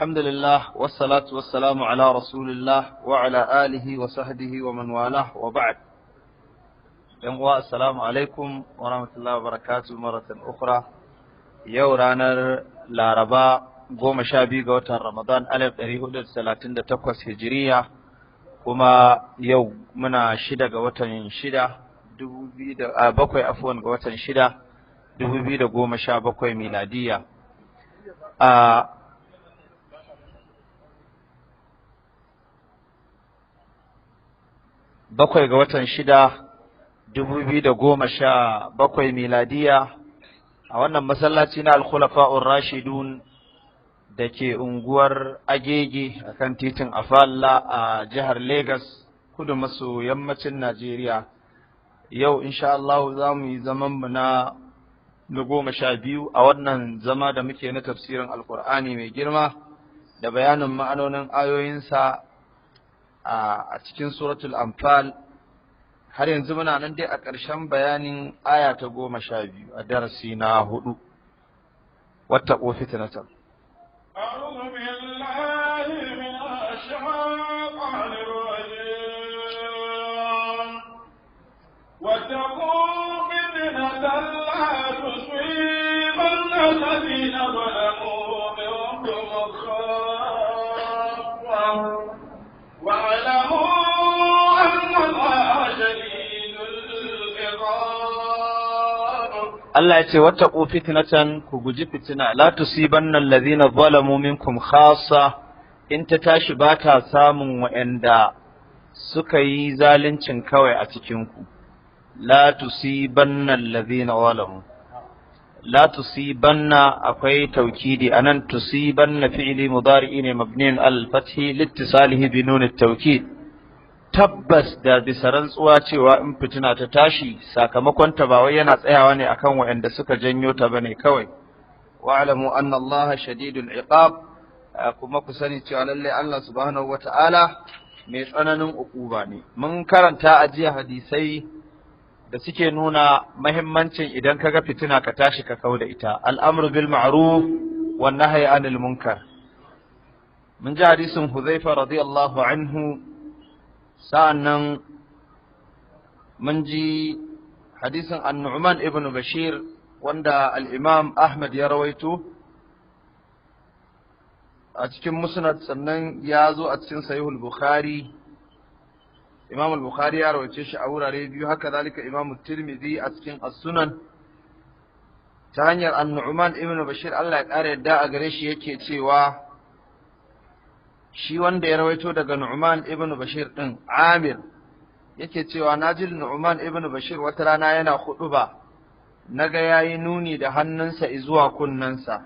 الحمد لله والصلاة والسلام على رسول الله وعلى آله وصحبه ومن والاه وبعد ينقوى السلام عليكم ورحمة الله وبركاته مرة أخرى يورانا لاربا قوم شابي قوتا رمضان ألف أريهود سلاتين تقوس هجرية كما يوم منا شدة قوتا شدة دبو بيدا بقوي أفوا قوتا شدة 2017 miladiya a bakwai ga watan shida dubu biyu da goma sha bakwai miladiya a wannan masallaci na alkhulafa'ur rashidun da ke unguwar agege a kan titin afalla a jihar Legas kudu maso yammacin Najeriya. Yau insha Allah za mu yi zamanmu mu na goma sha biyu a wannan zama da muke na tafsirin alkur'ani mai girma da bayanin ma'anonin ayoyinsa a cikin suratul anfal har yanzu muna nan dai a ƙarshen bayanin aya ta goma sha biyu a darasi na hudu wata fitnatar واتقوا فتنة لا تصيبن الذين ظلموا Allah ya ce wattaqu fitnatan ku guji fitina la tusibanna allazina zalamu minkum khassa in ta tashi ba ta samun wa'anda suka yi zaluncin kawai a cikin ku la tusibanna allazina zalamu la tusibanna akwai taukidi anan tusibanna fi'li mudari ne mabniun al fathi liittisalihi bi nun at tabbas da bisa rantsuwa cewa in fitina ta tashi sakamakon ta ba yana tsayawa ne akan waɗanda suka janyo ta bane kawai alamu anna allaha shadidul iqab kuma ku sani cewa lalle Allah subhanahu wata'ala mai tsananin ukuba ne mun karanta a jiya hadisai da suke nuna mahimmancin idan kaga fitina ka tashi ka kauda ita al'amru bil ma'ruf wan nahyi anil munkar mun ji hadisin Hudhaifa radiyallahu anhu sa'annan mun ji hadisin annu'man ibn bashir wanda al'imam ahmad ya rawaito a cikin musnad sannan ya zo a cikin sahihul bukhari imam al-bukhari ya rawace shi a wurare biyu haka zalika imam tirmidhi a cikin as-sunan ta hanyar annu'man ibn bashir Allah ya kare yadda a gare shi yake cewa shi wanda ya rawaito daga Nu'man ibn Bashir din Amir yake cewa najil Nu'man ibn Bashir wata rana yana huɗuba naga yayi nuni da hannunsa zuwa kunnensa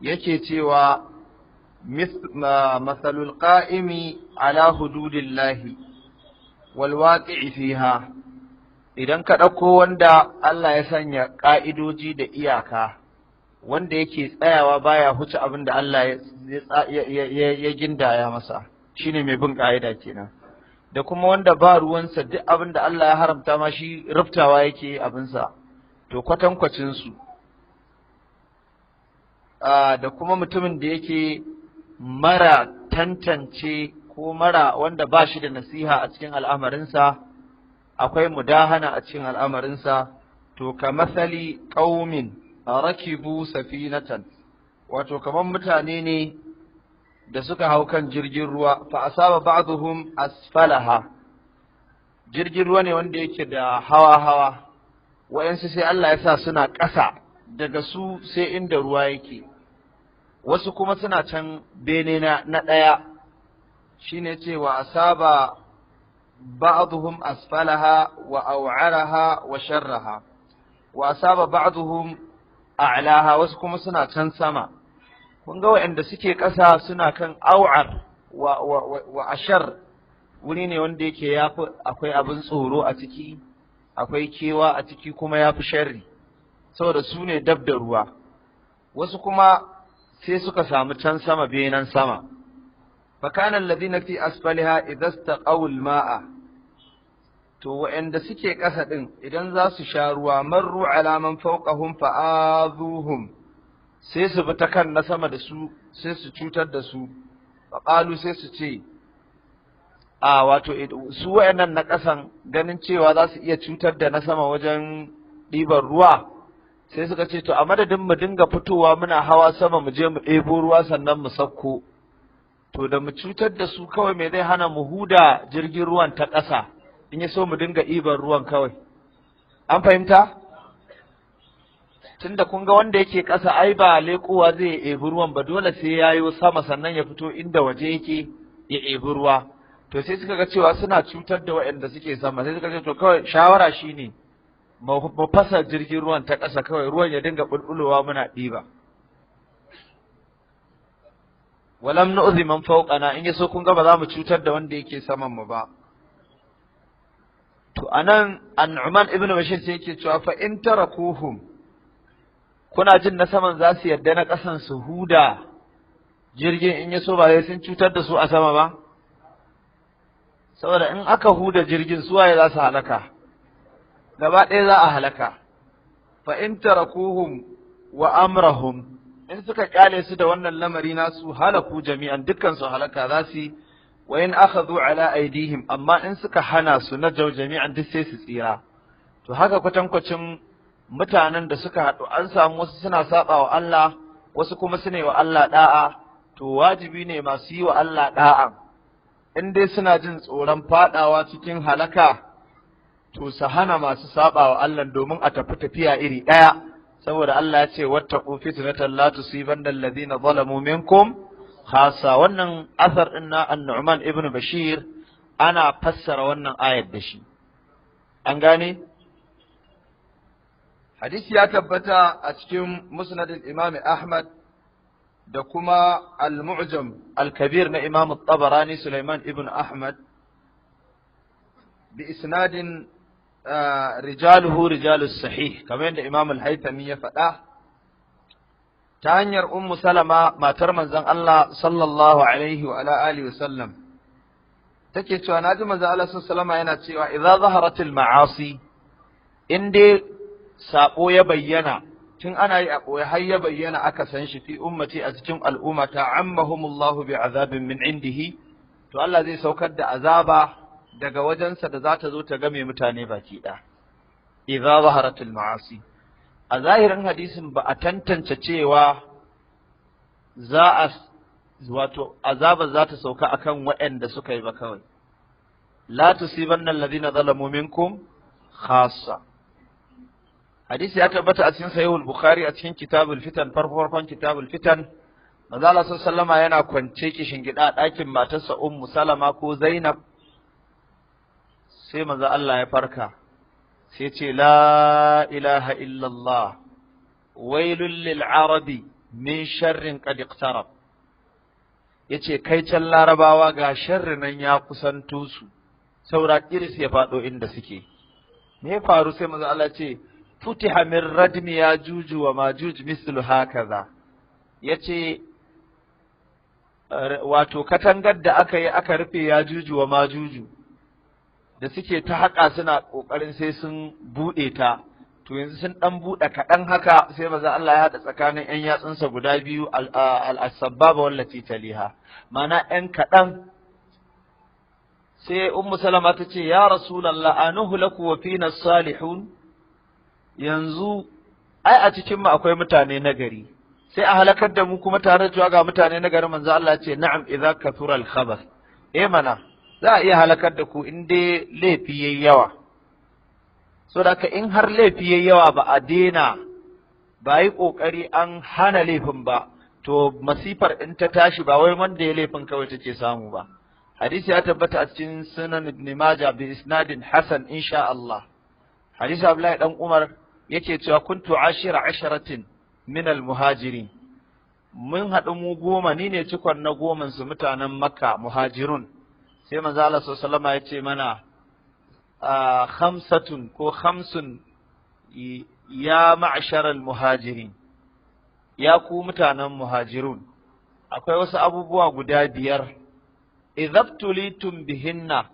yake cewa masalul qa'imi ala hududillahi wal waqi'i fiha idan ka dauko wanda Allah ya sanya ƙa'idoji da iyaka wanda yake tsayawa baya huce abin da Allah ya gindaya masa shine mai bin ka'ida kenan da kuma wanda ba ruwansa duk abin da Allah ya haramta ma shi rubtawa yake abinsa to kwatankwacinsu, da kuma mutumin da yake mara tantance ko mara wanda ba shi da nasiha a cikin al'amarinsa akwai mudahana a cikin al'amarinsa to ka masali ƙaumin rakibu safinatan wato kaman mutane ne da suka hau kan jirgin ruwa fa asaba ba'dhum asfalaha jirgin ruwa ne wanda yake da hawa hawa wayansu sai Allah ya sa suna ƙasa daga su sai inda ruwa yake wasu kuma suna can bene na na ɗaya shine cewa asaba ba'dhum asfalaha wa au'araha wa sharraha wa asaba ba'dhum a'laha wasu kuma suna can sama kun ga waɗanda suke ƙasa suna kan aw'ar wa, wa, wa, ashar wuri ne wanda yake yafi akwai abin tsoro a ciki akwai kewa a ciki kuma yafi sharri saboda su ne dab da ruwa wasu kuma sai suka samu can sama benan sama fa kana alladhina fi asfaliha idza to waɗanda suke ƙasa ɗin idan za su sha ruwa marru alaman fauqahum fa'azuhum sai su bi ta kan na sama da su sai su cutar da su faƙalu sai su ce a wato eh, su wa'annan na ƙasan ganin cewa za su iya cutar da na sama wajen ɗiban ruwa sai suka ce to a madadin mu dinga fitowa muna hawa sama mu je mu ɗebo ruwa sannan mu sauko to da mu cutar da su kawai me zai hana mu huda jirgin ruwan ta ƙasa in ya so mu dinga ibar ruwan kawai an fahimta tunda kun ga wanda yake ƙasa ai ba lekuwa zai ebi ruwan ba dole sai ya yi sama sannan ya fito inda waje yake ya ebi ruwa to sai suka ga cewa suna cutar da waɗanda suke sama sai suka ce to kawai shawara shine mu fasa jirgin ruwan ta ƙasa kawai ruwan ya dinga bulbulowa muna ɗiba walam nu'zi man fawqana in yaso kun ga ba za mu cutar da wanda yake saman mu ba to anan an'uman ibn bashir sai yake cewa fa in tarakuhum kuna jin na saman za su yarda na kasan su huda jirgin in ya ba sai sun cutar da su a sama ba saboda in aka huda jirgin su waye za su halaka gaba ɗaya za a halaka fa in tarakuhum wa amrahum in suka kyale su da wannan lamari nasu halaku jami'an dukkan su halaka za su wa in akhadhu ala aidihim amma in suka hana su na jami'an duk sai su tsira to haka kwatankwacin mutanen da suka haɗu an samu wasu suna saba wa Allah wasu kuma su ne wa Allah da'a to wajibi ne masu yi wa Allah da'a in dai suna jin tsoron fadawa cikin halaka to su hana masu saba wa Allah domin a tafi tafiya iri ɗaya saboda Allah ya ce wattaqu fitnatan la tusibanna alladhina zalamu minkum khasa wannan asar din na an-Nu'man ibn Bashir ana fassara wannan ayar da shi an gane hadisi ya tabbata a cikin musnad al-Imam Ahmad da kuma al-Mu'jam al-Kabir na Imam at-Tabarani Sulaiman ibn Ahmad bi isnadin ah, rijaluhu rijalus sahih kamar yadda Imam al-Haythami ya faɗa ta hanyar ummu salama matar manzon Allah sallallahu alaihi wa ala alihi wa sallam take cewa naji manzon Allah sallallahu yana cewa idza zaharatil ma'asi in dai sabo ya bayyana tun ana yi a koyi har ya bayyana aka san shi fi ummati a cikin al'umma ta ammahumullahu bi azabin min indihi to Allah zai saukar da azaba daga wajensa da za ta zo ta game mutane baki ɗaya idza zaharatil ma'asi a zahirin hadisin ba a tantance cewa za a wato azaba za ta sauka akan waɗanda suka yi ba kawai la tusibanna alladhina zalamu minkum khassa hadisi ya tabbata a cikin sahihul bukhari a cikin kitabul fitan farko farkon kitabul fitan manzo Allah sallama yana kwance kishin gida a ɗakin matarsa ummu salama ko zainab sai manzo Allah ya farka sai ce la ilaha illallah wailul lil arabi min sharrin qad iqtarab yace kai can larabawa ga sharrin nan ya kusanto su saura iris ya fado inda suke me ya faru sai manzo Allah ce futiha min radmi ya juju wa majuj mislu hakaza yace wato katangar da aka yi aka rufe ya juju wa majuju da suke ta haƙa suna ƙoƙarin sai sun buɗe ta to yanzu sun ɗan buɗe kaɗan haka sai maza Allah ya haɗa tsakanin ‘yan yatsunsa guda biyu al'asababa wallati taliha mana ‘yan kaɗan sai ummu salama ta ce ya rasulallah anuhu laku wa fina salihun yanzu ai a cikinmu akwai mutane nagari sai a halakar da mu kuma tare da ga mutane nagari manzo Allah ce na'am idza kathura al-khabar eh mana za a iya halakar da ku in dai laifi yayi yawa so da in har laifi yayi yawa ba a daina ba yi kokari an hana laifin ba to masifar in ta tashi ba wai wanda ya laifin kawai take samu ba hadisi ya tabbata a cikin sunan ibn majah bi isnadin hasan insha Allah hadisi Abdullahi dan Umar yake cewa kuntu ashira asharatin min al-muhajirin mun haɗu mu goma ni ne cikon na goman su mutanen Makka muhajirun sai manzo Allah sallallahu alaihi ya ce mana khamsatun ko khamsun ya ma'sharal muhajirin ya ku mutanen muhajirun akwai wasu abubuwa guda biyar idhabtulitum bihinna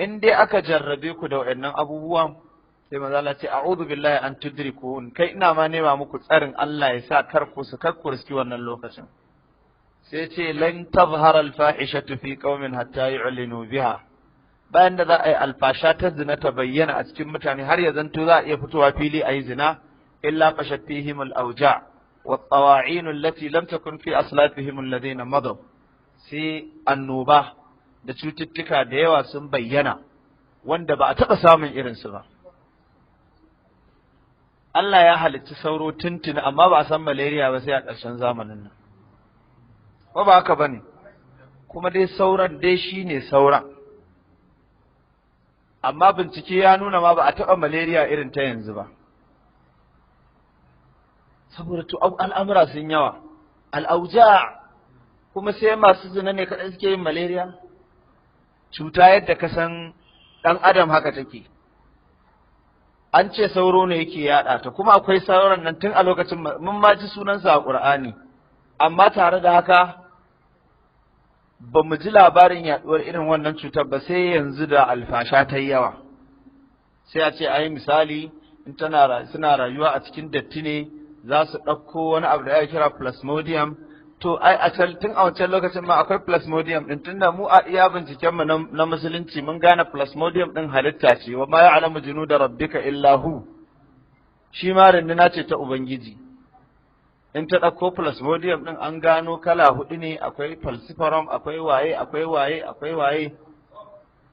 in dai aka jarrabe ku da waɗannan abubuwan sai manzo Allah ce a'udhu billahi an tudrikun kai ina ma nema muku tsarin Allah ya sa kar ku su kakkurski wannan lokacin sai ce lan tazhar al-fahishatu fi qaumin hatta yu'linu biha bayan da za a yi alfasha ta zina ta bayyana a cikin mutane har ya zanto za a iya fitowa fili a yi zina illa fashat fihim al-awja wa tsawa'in allati lam takun fi aslatihim alladhina madaw sai annuba da cututtuka da yawa sun bayyana wanda ba a taɓa samun irinsu ba Allah ya halicci sauro tuntuni amma ba a san malaria ba sai a ƙarshen zamanin nan ba ba haka bane kuma dai sauran dai shi ne sauran amma bincike ya nuna ma ba a taɓa malaria irin ta yanzu ba saboda to al'amura sun yawa al'auja kuma sai masu zina ne kaɗai suke yin malaria cuta yadda ka san ɗan adam haka take an ce sauro ne yake yaɗa ta kuma akwai sauran nan tun a lokacin mun ma ji sunansa a ƙur'ani amma tare da haka ba mu ji labarin yaduwar irin wannan cutar ba sai yanzu da alfasha ta yawa sai a ce a yi misali in tana suna rayuwa a cikin datti ne za su ɗauko wani abu da ya kira plasmodium to ai a can tun a wancan lokacin ma akwai plasmodium din da mu a iya binciken mu na musulunci mun gane plasmodium ɗin halitta ce wa ma jinu da rabbika illa hu shi ma rinduna ce ta ubangiji in ta ɗauko plasmodium ɗin an gano kala huɗu ne akwai falciparum akwai waye akwai waye akwai waye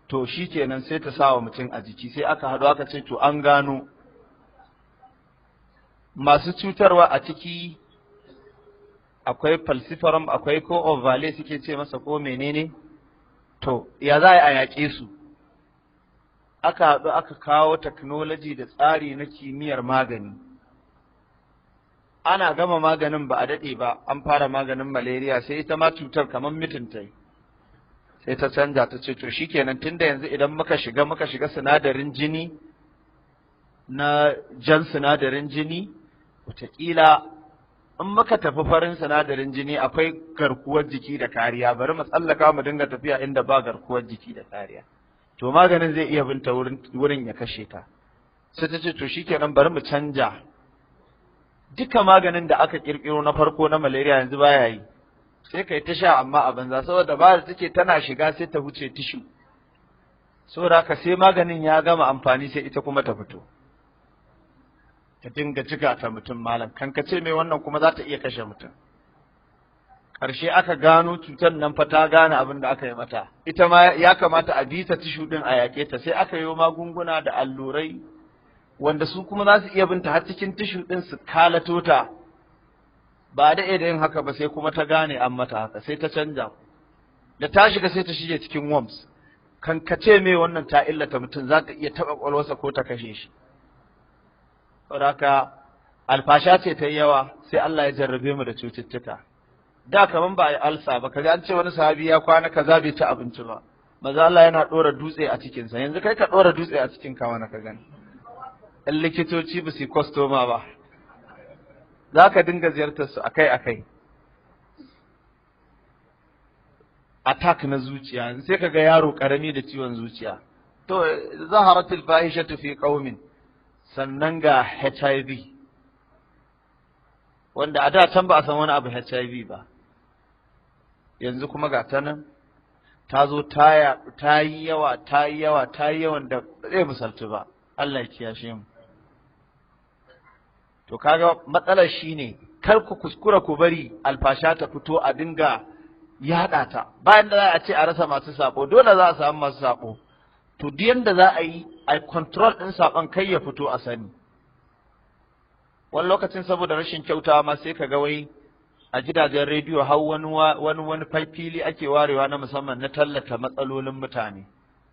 to shi kenan sai ta sa wa mutum a jiki sai aka haɗu aka ce to an gano masu cutarwa a ciki akwai falciparum akwai ko ovale suke ce masa ko menene to ya za a yaƙe su aka haɗu aka kawo technology da tsari na kimiyyar magani ana gama maganin ba a daɗe ba an fara maganin malaria sai ita ma cutar kamar mitinta yi sai ta canza ta ce to shikenan tunda yanzu idan muka shiga muka shiga sinadarin jini na jan sinadarin jini wataƙila in muka tafi farin sinadarin jini akwai garkuwar jiki da kariya bari mu tsallaka mu dinga tafiya inda ba garkuwar jiki da kariya to maganin zai iya binta wurin ya kashe ta sai ta ce to shikenan bari mu canja duka maganin da aka kirkiro na farko na malaria yanzu baya yi sai kai ta sha amma a banza saboda ba da take tana shiga sai ta huce tishu saboda ka, sai maganin ya gama amfani sai ita kuma ta fito ta dinga jiga ta mutum malam kan ka ce mai wannan kuma za ta iya kashe mutum ƙarshe aka gano cutar nan fa ta gane abin da aka yi mata ita ma ya kamata a bisa tishu din a yaƙe ta sai aka yi magunguna da allurai wanda su kuma za su iya binta har cikin tishin ɗin su kalato ta ba da da yin haka ba sai kuma ta gane an mata haka sai ta canja da ta shiga sai ta shige cikin worms kankace me wannan ta illata mutum za ka iya taɓa ƙwalwarsa ko ta kashe shi saboda alfasha ce ta yawa sai Allah ya jarrabe mu da cututtuka da kaman ba a alsa ba kaga an ce wani sahabi ya kwana kaza bai ci abinci ba maza Allah yana ɗora dutse a cikinsa yanzu kai ka ɗora dutse a cikin ka wani ka gani in likitoci ba su yi kwastoma ba za ka dinga ziyartar su akai akai tak na zuciya sai ka ga yaro karami da ciwon zuciya to zaharatul fahishatu fi qaumin sannan ga HIV wanda a da can ba a san wani abu HIV ba yanzu kuma ga ta nan ta zo ta yi yawa ta yi yawa ta yi yawan da zai musaltu ba Allah ya kiyashe mu to kaga matsalar shine kar ku kuskura ku bari alfasha ta fito a dinga yaɗa ta bayan da za a ce a rasa masu sako dole za a samu masu sako to duk yanda za a yi a control ɗin saƙon kai ya fito a sani wani lokacin saboda rashin kyautawa ma sai ka ga wai a gidajen rediyo har wani wani wani fili ake warewa na musamman na tallata matsalolin mutane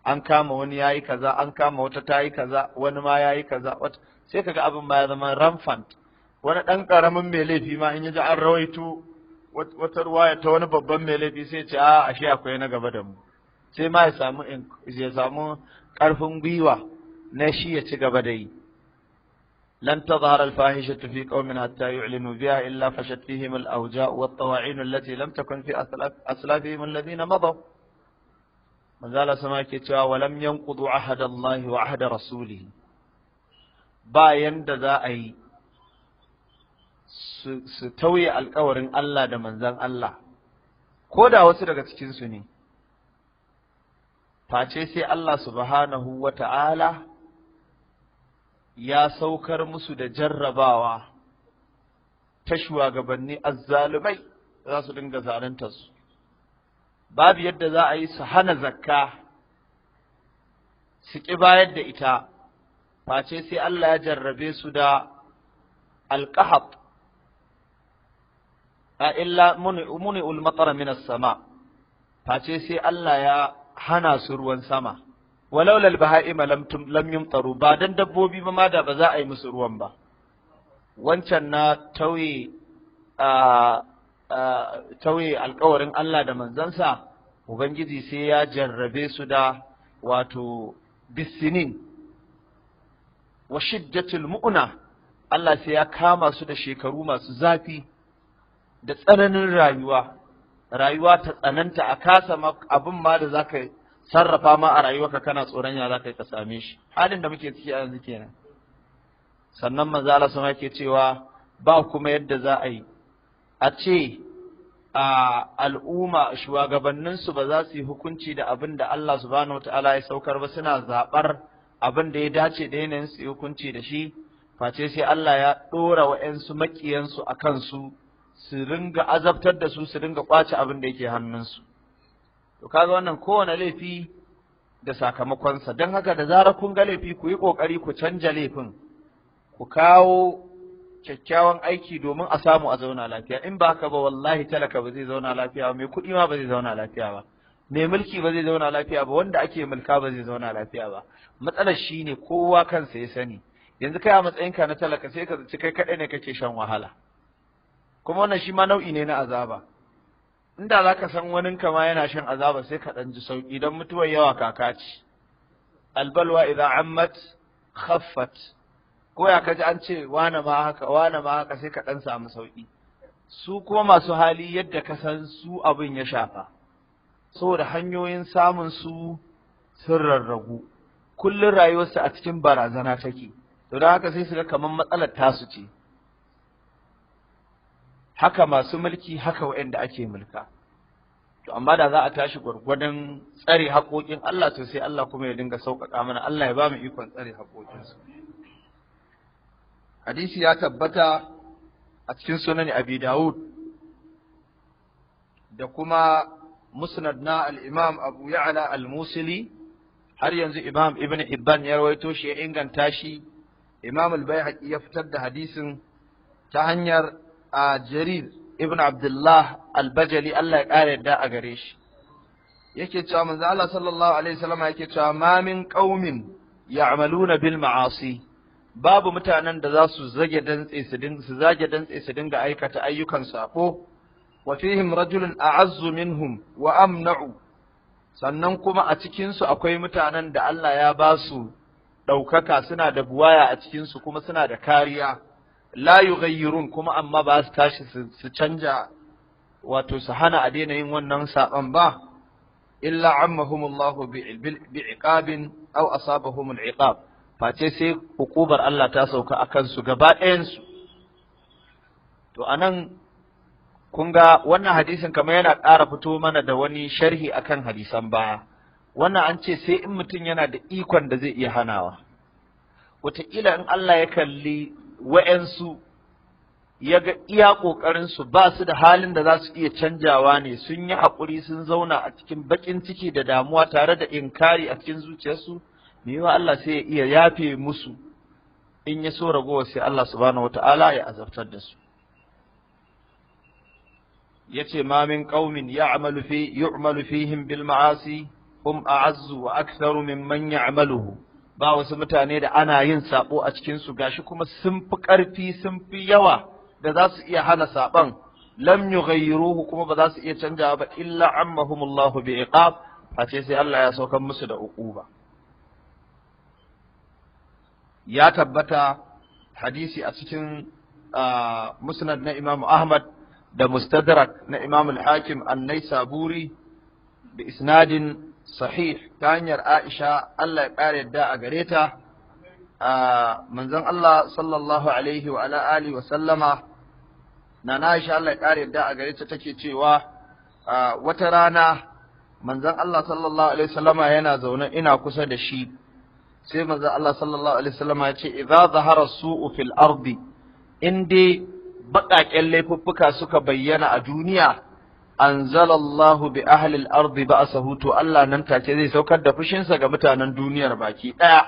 an kama wani yayi kaza an kama wata tayi kaza wani ma yayi kaza wata sai kaga abin ba ya zama rampant wani dan karamin mai laifi ma in yaji an rawaito wata ruwaya ta wani babban mai laifi sai ce a ashe akwai na gaba da mu sai ma ya samu ya samu karfin gwiwa na shi ya ci gaba da yi lan tazhar al fahisha fi qaumin hatta yu'linu biha illa fashat fihim al awja wa al tawa'in allati lam takun fi aslafihim alladhina madaw manzala sama ke cewa walam yanqudu ahad allahi wa ahad rasulihi ba yanda za a yi su tauye alkawarin Allah da manzan Allah ko da wasu daga cikinsu ne face sai Allah subhanahu wa ta'ala ya saukar musu da jarrabawa ta shugabanni azzalumai za su dinga zaluntarsu babu yadda za a yi su hana zakka su ƙi bayar da ita face sai Allah ya jarrabe su da alƙahab a illa muni ulmatar min sama face sai Allah ya hana su ruwan sama walaula albaha'ima lam lam tsaro ba don dabbobi ba ma da ba za a yi musu ruwan ba wancan na tauye a tauye alkawarin Allah da manzansa ubangiji sai ya jarrabe su da wato bisinin wa shiddatul mu'na Allah sai ya kama su da shekaru masu zafi da tsananin rayuwa rayuwa ta tsananta a kasa abin ma da zaka sarrafa ma a rayuwarka kana tsoron ya zaka ka same shi halin da muke ciki a yanzu kenan sannan manzo Allah yake cewa ba kuma yadda za a yi a ce a al'umma shugabanninsu ba za su yi hukunci da abin da Allah subhanahu wataala ya saukar ba suna zaɓar abin da ya dace da yanayin su hukunci da shi face sai Allah ya ɗora wa'yansu maƙiyansu a kansu su ringa azabtar da su su ringa ƙwace abin da yake hannunsu to kaga wannan kowane laifi da sakamakonsa don haka da zarar kun ga laifi ku yi ƙoƙari ku canja laifin ku kawo kyakkyawan aiki domin a samu a zauna lafiya in ba haka ba wallahi talaka ba zai zauna lafiya ba mai kuɗi ma ba zai zauna lafiya ba mai mulki ba zai zauna lafiya ba wanda ake mulka ba zai zauna lafiya ba matsalar shi ne kowa kansa ya sani yanzu kai a matsayinka na talaka sai ka zaci kai kaɗai ne kake shan wahala kuma wannan shi ma nau'i ne na azaba inda za ka san wani kama yana shan azaba sai ka ɗan ji sauƙi don mutuwar yawa kaka ce albalwa idan ammat khaffat ko ya kaji an ce wane ma haka wane ma haka sai ka ɗan samu sauƙi su kuma masu hali yadda ka san su abin ya shafa saboda hanyoyin samun su sun rarragu kullun rayuwarsu a cikin barazana take to don haka sai su ga kamar matsalar tasu ce haka masu mulki haka waɗanda ake mulka to amma da za a tashi gwargwadon tsare haƙoƙin Allah to sai Allah kuma ya dinga sauƙaƙa mana Allah ya ba mu ikon tsare haƙoƙinsu hadisi ya tabbata a cikin sunan Abi Dawud da kuma musnad na al-imam abu ya'la al-musili har yanzu imam ibn hibban ya rawaito shi ya inganta shi imam al-baihaqi ya fitar da hadisin ta hanyar a jarir ibn abdullah al-bajali Allah ya kare da a gare shi yake cewa manzo Allah sallallahu alaihi wasallam yake cewa ma min qaumin ya'maluna bil ma'asi babu mutanen da za su zage dantse su dinga su zage dantse su dinga aikata ayyukan sako wa fihim rajulun a'azzu minhum wa amna'u sannan kuma a cikinsu akwai mutanen da Allah ya ba su ɗaukaka suna da buwaya a cikinsu kuma suna da kariya la yughayyirun kuma amma ba su tashi su canja wato su hana a daina yin wannan saban ba illa ammahumullahu bi'iqabin aw asabahumul iqab face sai hukubar Allah ta sauka akan su gaba ɗayan su to anan kun ga wannan hadisin kamar yana ƙara fito mana da wani sharhi akan hadisan baya wannan an ce sai in mutum yana da ikon da zai iya hanawa wataƙila in Allah ya kalli wa'yansu ya ga iya ƙoƙarinsu ba su da halin da za su iya canjawa ne sun yi haƙuri sun zauna a cikin baƙin ciki da damuwa tare da inkari a cikin zuciyarsu me yiwa Allah sai ya iya yafe musu in ya so ragowa sai Allah subhanahu wataala ya azabtar da su yace ma min qaumin ya'malu fi yu'malu fihim bil ma'asi hum a'azzu wa aktharu mimman ya'maluhu ba wasu mutane da ana yin sabo a cikin su gashi kuma sun fi karfi sun fi yawa da za su iya hana saban lam yughayyiruhu kuma ba za su iya canzawa ba illa ammahumullahu bi iqab a ce sai Allah ya saukar musu da uquba ya tabbata hadisi a cikin ah, musnad na Imam Ahmad da mustadrak na imam al-hakim an-naisaburi bi isnadin sahih ta hanyar aisha Allah ya kare yadda a gare ta manzon Allah sallallahu alaihi wa ala alihi wa sallama na Aisha Allah ya kare yadda a gare ta take cewa wata rana manzon Allah sallallahu alaihi wa sallama yana zaune ina kusa da shi sai manzon Allah sallallahu alaihi wa sallama ya ce idza zahara su'u fil ardi indi. baƙaƙen laifuffuka suka bayyana a duniya anzalallahu bi ahlil ardi a to Allah nan take zai saukar da fushinsa ga mutanen duniyar baki ɗaya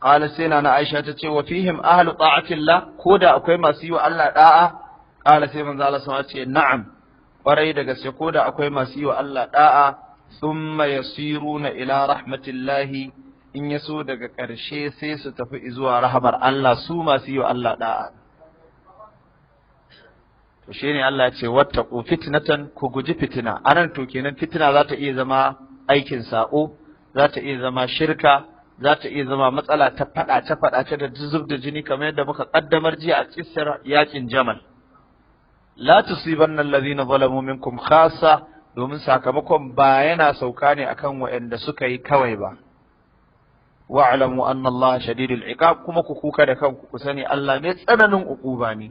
qala sai na Aisha ta ce wa fihim ahlu ta'atillah ko da akwai masu yi wa Allah da'a qala sai manzo Allah ce na'am kwarai da gaske koda akwai masu yi wa Allah da'a thumma yasiruna ila rahmatillahi in yaso daga ƙarshe sai su tafi zuwa rahamar Allah su masu yi wa Allah da'a to shi ne Allah ya ce ku fitnatan ku guji fitina anan to kenan fitina za ta iya zama aikin sa'o za ta iya zama shirka za ta iya zama matsala ta faɗace faɗace da zub da jini kamar yadda muka kaddamar jiya a tsisar yakin jamal la tusibanna alladhina zalamu minkum khassa domin sakamakon ba yana sauka ne akan waɗanda suka yi kawai ba wa'lamu anna allaha shadidul iqab kuma ku kuka da kanku ku sani Allah ne tsananin uquba ne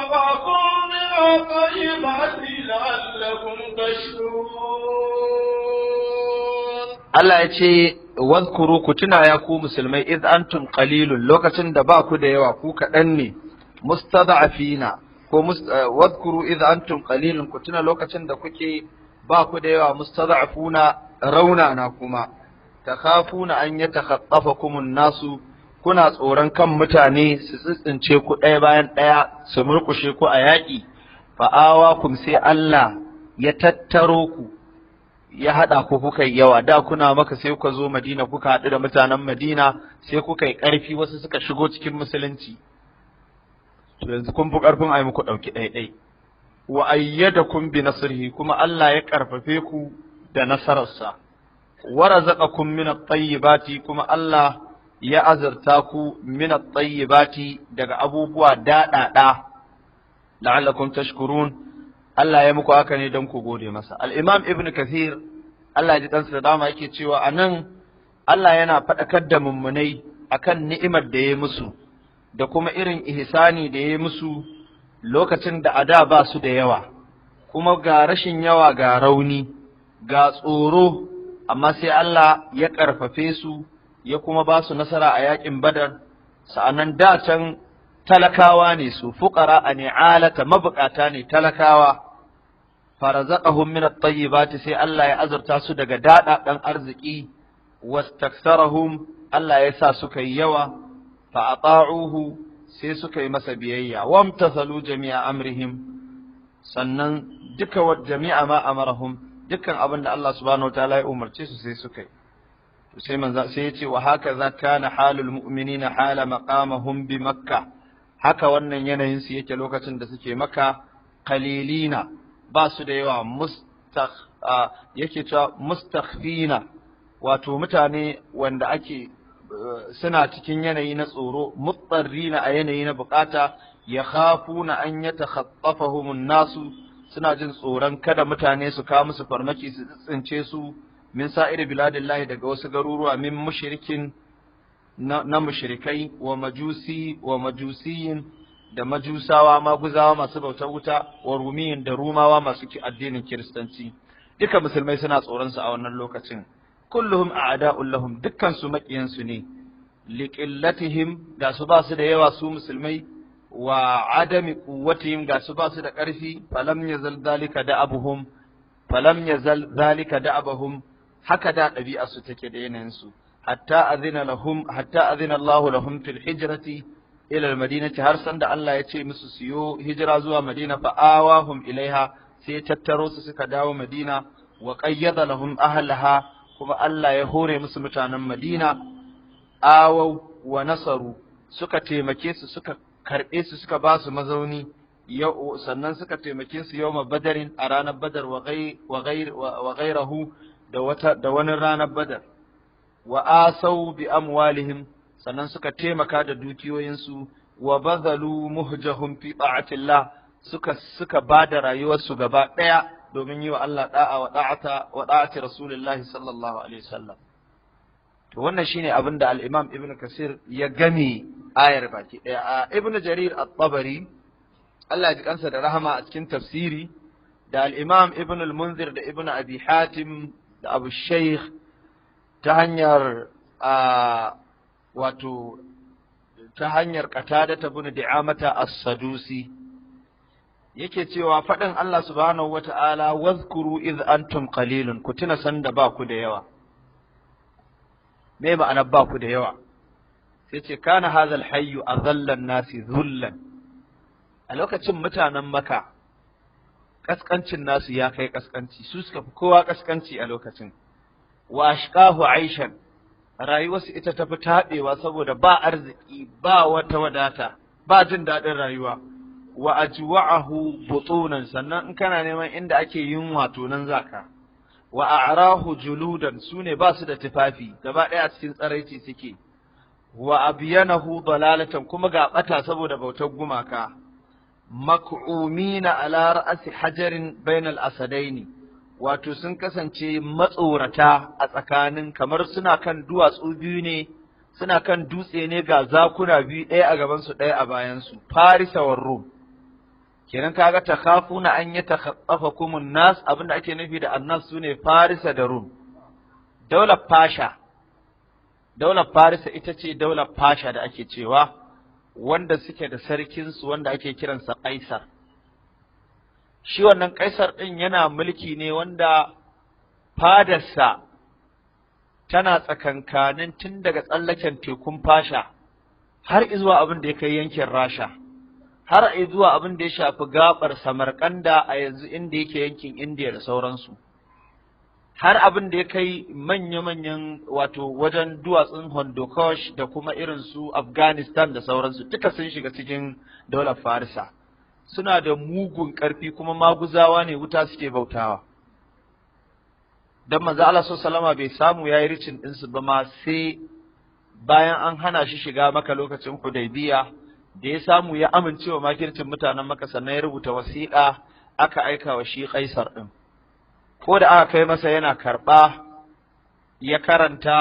رزقكم من الطيبات ku تشكرون الله يتي واذكروا كتنا يا كو مسلمي إذ أنتم ku لوكتن دباكو ku كو كأني mustada'afina ko eh, wadkuru idh antum qalilun ku tuna lokacin da kuke ba ku da yawa mustada'afuna rauna na kuma takhafuna an yatakhattafakum an-nasu kuna tsoron kan mutane su tsitsince ku ɗaya bayan ɗaya su murkushe ku a yaƙi fa'awa kum sai Allah ya tattaro ku ya haɗa ku kuka yawa da kuna maka sai kuka zo Madina kuka haɗu da mutanen Madina sai kuka yi ƙarfi wasu suka shigo cikin musulunci to yanzu kun fi ƙarfin muku ɗauki ɗaiɗai wa ayyada kun bi nasirhi kuma Allah ya ƙarfafe ku da nasararsa wa razaqakum min at-tayyibati kuma Allah ya azurta ku min at-tayyibati daga abubuwa daɗaɗa la'allakum tashkurun Allah ya muku haka ne don ku gode masa al-imam ibn kathir Allah ya ji dan da yake cewa anan Allah yana faɗakar da mummunai akan ni'imar da ya musu da kuma irin ihsani da ya musu lokacin da ada ba su da yawa kuma ga rashin yawa ga rauni ga tsoro amma sai Allah ya ƙarfafe su ya kuma ba su nasara a yaƙin badar sa'annan da can talakawa ne su fuqara a ni'alata mabukata ne talakawa farazaqahum min at-tayyibati sai Allah ya azurta su daga dada dan arziki wastaksarahum Allah ya sa suka yi yawa fa ata'uhu sai suka yi masa biyayya wamtathalu jami'a amrihim sannan duka jami'a ma amarahum dukkan abin da Allah subhanahu wataala ya umarce su sai suka yi sai manzo sai yace wa haka za kana halul mu'minina hala maqamahum bi makka haka wannan yanayin su yake lokacin da suke makka qalilina ba su da yawa mustakh yake cewa mustakhfina wato mutane wanda ake eh, suna cikin yanayi na tsoro mutsarrina a yanayi na bukata ya khafu na an yatakhaffafahumun nasu suna jin tsoron kada mutane su kawo musu farmaki su tsince su min sa'iri biladillahi daga wasu garuruwa min mushrikin na mushrikai wa majusi wa majusiyin da majusawa maguzawa masu bautar wuta wa rumiyin da rumawa masu addinin kiristanci duka musulmai suna tsoron su a wannan lokacin kulluhum a lahum dukkan su makiyan su ne liqillatihim ga su ba su da yawa su musulmai wa adami quwwatihim ga su ba su da ƙarfi falam yazal zalika da abuhum falam yazal zalika da abuhum haka da su take da yanayinsu hatta azina lahum hatta azina Allahu lahum fil hijrati ila al-madinati har sanda Allah ya ce musu siyo hijira zuwa Madina fa awahum ilaiha sai tattaro su suka dawo Madina wa qayyada lahum ahlaha kuma Allah ya hore musu mutanen Madina awau wa nasaru suka taimake su suka karɓe su suka ba su mazauni sannan suka taimake su yawma badarin a ranar badar wa gairahu da wata da wani ranar badar wa asau bi amwalihim sannan suka taimaka da dukiyoyinsu wa bazalu muhjahum fi ta'atillah suka suka bada rayuwarsu gaba daya domin yi wa Allah da'a wa da'ata wa da'ati Rasulullahi sallallahu alaihi wasallam to wannan shine abin da al-Imam Ibn Kasir ya game ayar baki daya Ibn Jarir at-Tabari Allah ji kansa da rahama a cikin tafsiri da al-Imam Ibn al-Munzir da Ibn Abi Hatim da abu sheikh ta hanyar a wato ta hanyar qatada ta bin di'amata as-sadusi yake cewa faɗin Allah subhanahu wata'ala wazkuru iz antum qalilun ku tuna sanda ba ku da yawa me ma'anar ba ku da yawa sai ce kana hadha alhayyu azalla nasi dhullan a lokacin mutanen maka kaskancin nasu ya kai kaskanci su suka fi kowa kaskanci a lokacin wa ashqahu aishan rayuwarsu ita tafi taɗewa saboda ba arziki ba wata wadata ba jin daɗin rayuwa wa ajwa'ahu butunan sannan in kana neman inda ake yin wato nan zaka wa a'rahu juludan sune ba su da tufafi gaba ɗaya cikin tsaraici suke wa abyanahu dalalatan kuma ga bata saboda bautar gumaka mak'umina na Alarasi hajarin bainal asadaini wato sun kasance matsorata a tsakanin kamar suna kan duwatsu biyu ne suna kan dutse ne ga zakuna biyu ɗaya a gabansu, ɗaya a bayan su farisa war rum kenan kaga takhafuna an yatakhaffakum an-nas abinda ake nufi da annas sune farisa da rum daular fasha daular farisa ita ce daular fasha da ake cewa wanda suke da sarkinsu wanda ake kiransa Kaisar. Shi wannan Kaisar ɗin yana mulki ne wanda fadarsa tana tsakankanin tun daga tsallaken tekun fasha har izuwa abin da ya kai yankin rasha, har zuwa abin da ya shafi gabar samarkanda a yanzu inda yake yankin Indiya da sauransu. har abin da ya kai manya-manyan wato wajen duwatsun Hondokosh da kuma irin su Afghanistan da sauransu duka sun shiga cikin daular Farisa suna da mugun ƙarfi kuma maguzawa ne wuta suke bautawa don manzo Allah salama bai samu yayi ricin ɗinsu ba ma sai bayan an hana shi shiga maka lokacin Hudaybiya da ya samu ya amincewa makircin mutanen maka sannan ya rubuta wasiƙa aka aika wa shi Kaisar ɗin. ko da aka kai masa yana karɓa ya karanta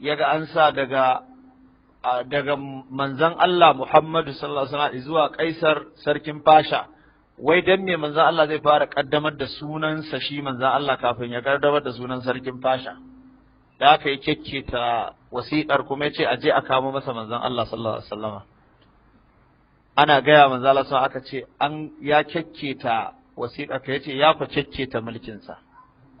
ya ga an sa daga daga manzan Allah Muhammadu sallallahu alaihi wasallam zuwa Kaisar sarkin Fasha wai dan me manzan Allah zai fara kaddamar da sunansa shi manzan Allah kafin ya kaddamar da sunan sarkin Fasha da aka yi kekketa wasiƙar kuma ya ce a je a kamo masa manzan Allah sallallahu alaihi wasallama ana gaya manzan Allah aka ce an ya kekketa wasiƙa ka yace ya fa mulkin mulkinsa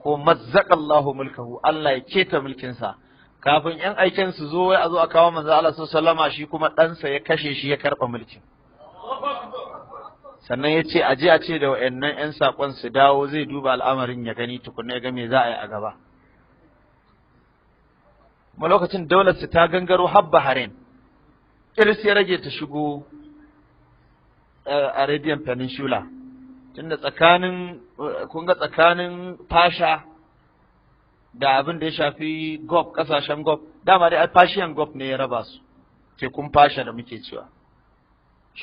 ko mazzaqallahu mulkahu Allah ya keta mulkinsa kafin yan aikin su zo wai a zo a kawo manzo Allah sallama shi kuma ɗansa ya kashe shi ya karɓa mulkin sannan ya ce aje a ce da wayannan 'yan saƙon su dawo zai duba al'amarin ya gani tukunna ya ga me za a yi a gaba kuma lokacin daular su ta gangaro har Bahrain iris ya rage ta shigo eh, a Arabian Peninsula tunda tsakanin kun ga tsakanin fasha da abin da ya shafi gob kasashen gob dama dai fashiyan gob ne ya raba su tekun fasha da muke cewa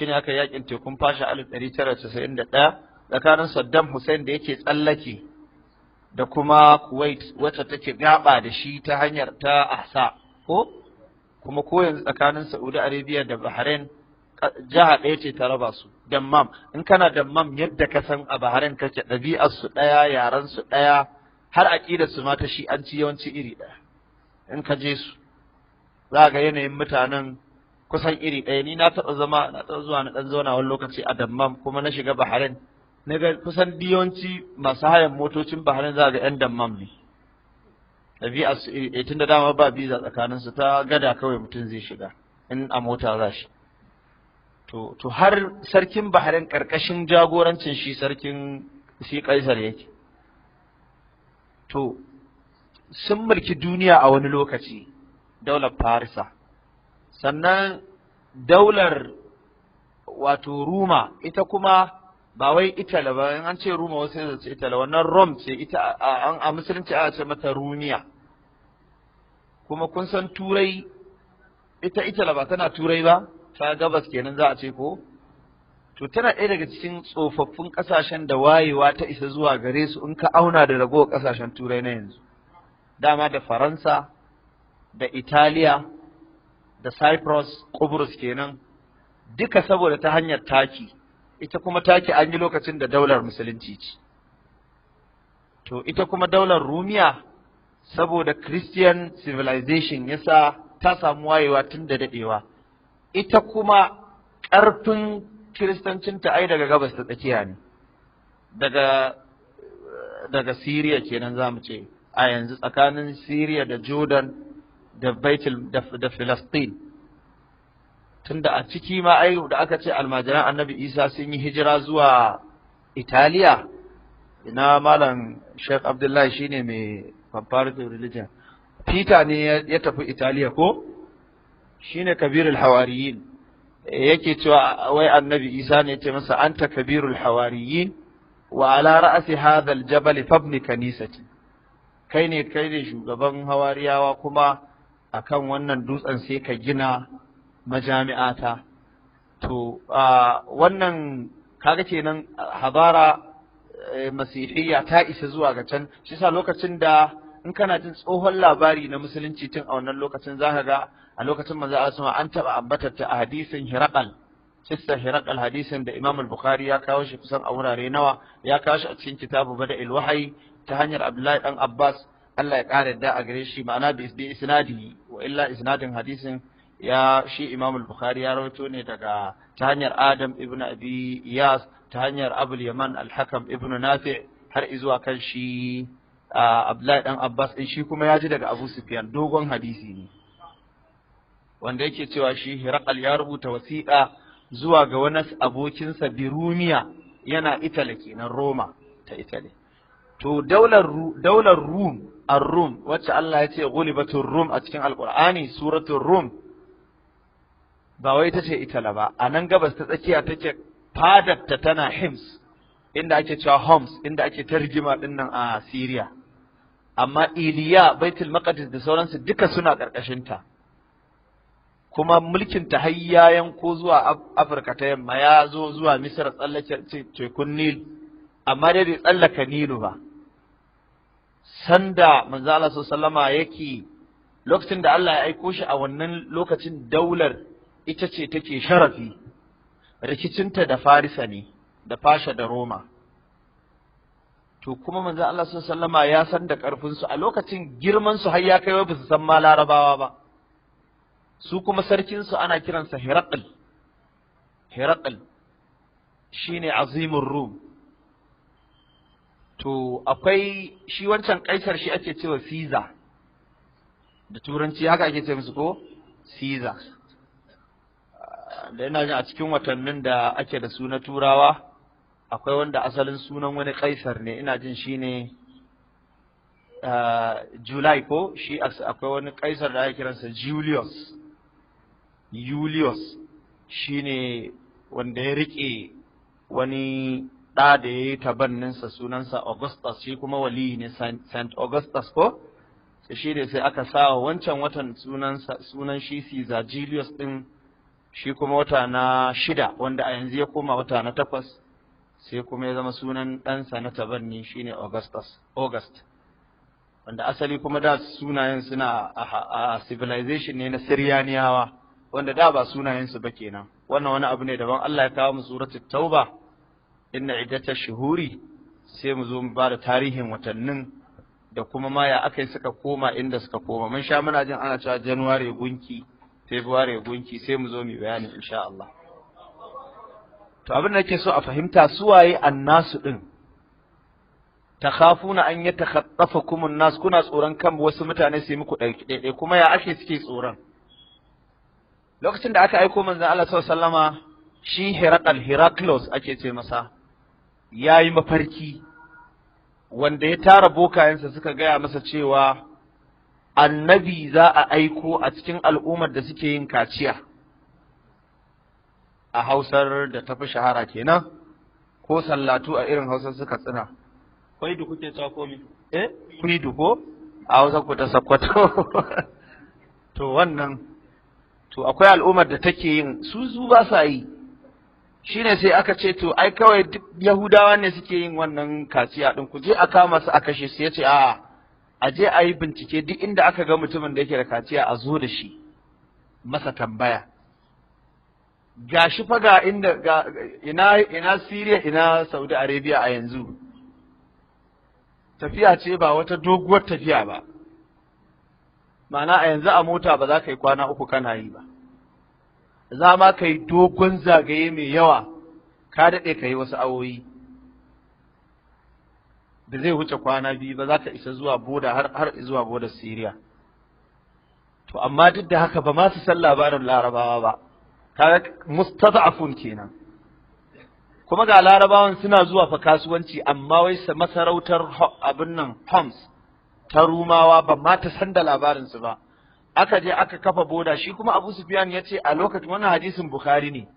ne aka yakin tekun fasha 1991 tsakanin Saddam Hussein da yake tsallake da kuma Kuwait wacce take gaba da shi ta hanyar ta Ahsa ko kuma ko tsakanin Saudi Arabia da Bahrain jiha ɗaya ce ta raba su dammam in kana dammam yadda ka san a baharin kake ɗabi'ar su ɗaya yaran su ɗaya har aƙidar su ma ta shi an ci yawanci iri ɗaya in ka je su za ga yanayin mutanen kusan iri ɗaya ni na taɓa zama na taɓa zuwa na ɗan zauna wani lokaci a dammam kuma na shiga baharin na ga kusan diyonci masu hayan motocin baharin za ga 'yan dammam ne ɗabi'ar su iri ɗaya tun da dama ba biza tsakaninsu ta gada kawai mutum zai shiga in a mota za shi to har sarkin baharin karkashin jagorancin shi sarkin shi Kaisar yake to sun mulki duniya a wani lokaci daular Farisa sannan daular wato Ruma ita kuma ba wai Itala ba in an ce Ruma wasu yanzu ce Itala wannan Rom ce ita a musulunci a ce mata Rumiya kuma kun san Turai ita Itala ba tana Turai ba ta gabas kenan za a ce ko to tana ɗaya daga cikin tsofaffin ƙasashen da wayewa ta isa zuwa gare su in ka auna da ragowar ƙasashen turai na yanzu dama da faransa da italiya da cyprus ƙubrus kenan duka saboda ta hanyar taki ita kuma taki an yi lokacin da daular musulunci ce to ita kuma daular rumiya saboda christian civilization yasa ta samu wayewa tun da daɗewa ita kuma ƙarfin kiristancinta ai daga gabas ta tsakiya ne daga daga Siriya kenan za ce a yanzu tsakanin Siriya da Jordan da Baitul da Filistin tunda a ciki ma ai da aka ce almajiran Annabi Isa sun yi hijira zuwa Italiya ina malam Sheikh Abdullahi shine mai comparative religion Peter ne ya tafi Italiya ko shine kabirul hawariyin yake cewa wai annabi isa ne ce masa anta kabirul hawariyin wa ala ra'si hadha aljabal fabni kanisati kai ne kai ne shugaban hawariyawa kuma akan wannan dutsen sai ka gina majami'ata to wannan kaga kenan habara e, masihiyya ta isa zuwa ga can shi sa lokacin da in kana jin tsohon labari na musulunci tun a wannan lokacin zaka ga a lokacin manzo Allah an taba ambatar ta a hadisin Hiraqal kissa Hiraqal hadisin da Imam al-Bukhari ya kawo shi kusan a wurare nawa ya kawo shi a cikin kitabu Bada'il Wahyi ta hanyar Abdullahi dan Abbas Allah ya kare da a gare shi ma'ana bi isnadi wa illa isnadin hadisin ya shi Imam al-Bukhari ya rawaito ne daga ta hanyar Adam ibn Abi Iyas ta hanyar Abul Yaman al-Hakam ibn Nafi' har izuwa kan shi Abdullahi dan Abbas din shi kuma ya ji daga Abu Sufyan dogon hadisi ne wanda yake cewa shi Hiraqal ya rubuta wasiƙa zuwa ga wani abokinsa Birumiya yana Italy kenan Roma ta Italy to daular Rum ar-Rum wacce Allah ya ce ghulibatur Rum a cikin Alƙur'ani suratul Rum ba wai ta ce Italy ba a nan gabas ta tsakiya take fadar ta tana Hims inda ake cewa Homs inda ake tarjima ɗin nan a Syria amma Iliya Baitul Maqdis da sauransu duka suna ƙarƙashinta. kuma mulkin ta hayya yanko zuwa Afirka ta yamma ya zo zuwa Misra tsallake tekun Nil amma dai bai tsallaka Nilu ba sanda manzo Allah sallama yake lokacin da Allah ya aiko shi a wannan lokacin daular ita ce take sharafi rikicinta da Farisa ne da Fasha da Roma to kuma manzo Allah sallama ya san da karfin a lokacin girmansu su har ya kai wa ba su san ma Larabawa ba su kuma sarkinsu ana kiransa Herakl Herakl shine azimin Rum to akwai shi wancan kaisar shi ake cewa Caesar da turanci haka ake ce musu ko Caesar da ina jin a cikin watannin da ake da su na turawa akwai wanda asalin sunan wani kaisar ne ina jin shine eh, July ko shi akwai wani kaisar da ake kiransa Julius Julius shine wanda ya riƙe wani ɗa da ya yi tabanninsa sunansa Augustus shi kuma wali ne Saint Augustus ko? shi ne sai aka sawa wancan watan sunan shi Caesar Julius ɗin shi kuma wata na shida wanda a yanzu ya koma wata na takwas sai kuma ya zama sunan ɗansa na tabanni shine Augustus August wanda asali kuma da sunayen suna a civilization ne na Siryaniyawa. wanda da ba sunayensu ba kenan wannan wani abu ne daban Allah ya kawo mu suratul tauba inna iddata shuhuri sai mu zo mu ba da tarihin watannin da kuma ma ya akai suka koma inda suka koma mun sha muna jin ana cewa January gunki February gunki sai mu zo mu bayani insha Allah to abin da nake so a fahimta su waye annasu din takhafuna an yatakhaffakum an-nas kuna tsoron kan wasu mutane su muku muku ɗaiɗai kuma ya ake suke tsoron lokacin da aka aiko manzan Allah sallama shi Herakal Heraklos ake ce masa Ya yi mafarki wanda ya tara bokayensa suka gaya masa cewa annabi za a aiko a cikin al'ummar da suke yin kaciya a hausar da tafi shahara kenan ko sallatu a irin hausar suka tsina kwaidu kuke cewa komi eh kwaidu ko a hausar ku ta sakwato. to wannan to akwai al'ummar da take yin su su ba sa yi shine sai aka ce to ai kawai duk yahudawa ne suke yin wannan kaciya din ku je a kama su a kashe su yace a'a a je a yi bincike duk inda aka ga mutumin da yake da kaciya a zo da shi masa tambaya ga shi fa ga inda ina ina Syria ina Saudi Arabia a yanzu tafiya ce ba wata doguwar tafiya ba ma'ana a yanzu a mota ba za ka yi kwana uku kana yi ba za ma ka yi dogon zagaye mai yawa ka daɗe ka yi wasu awoyi da zai wuce kwana biyu ba za ka isa zuwa boda har, zuwa boda Siriya. To, amma duk da haka ba ma su san labarin larabawa ba, kaga mustada'afun kenan. Kuma ga larabawan suna zuwa fa kasuwanci amma wai masarautar abin nan Homs ta rumawa ba ma ta san da labarinsu ba aka je aka kafa boda shi kuma abu sufyan yace a lokacin wannan hadisin bukhari ne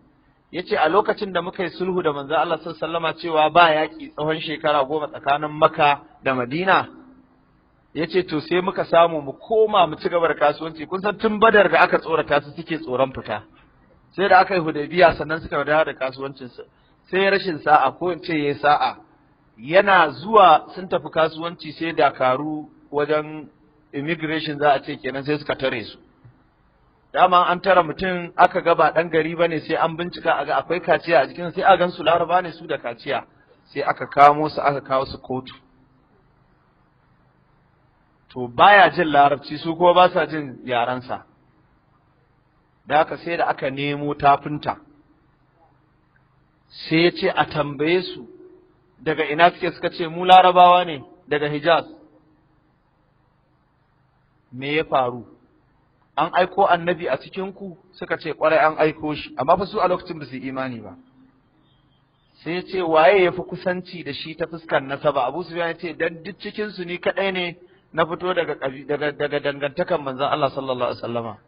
yace a lokacin da muka yi sulhu da manzo Allah sallama cewa ba yaki tsawon shekara goma tsakanin Makka da madina yace ce to sai muka samu mu koma mu ci gaba da kasuwanci kun san tun badar da aka tsorata su suke tsoron fita sai da aka yi hudaybiya sannan suka dawo da kasuwancinsu sai rashin sa'a ko in ce yayi sa'a yana zuwa sun tafi kasuwanci sai dakaru wajen immigration za a ce kenan sai suka tare su dama an tara mutum aka gaba ba ɗan gari ba ne sai an bincika a ga akwai kaciya a jikin sai a gan su laraba ne su da kaciya sai aka kamo su aka kawo su kotu to baya jin larabci su kuma ba sa jin yarensa da aka sai da aka nemo tafinta sai ya ce a tambaye su daga ina suke suka ce mu larabawa ne daga hijaz me ya faru an aiko annabi a cikin ku suka ce kwarai an aiko shi amma fa su a lokacin ba su imani ba sai ya ce waye ya fi kusanci da shi ta fuskar nasaba abu su ya ce dan duk cikin su ni kadai ne na fito daga daga daga dangantakan manzon Allah sallallahu alaihi wasallama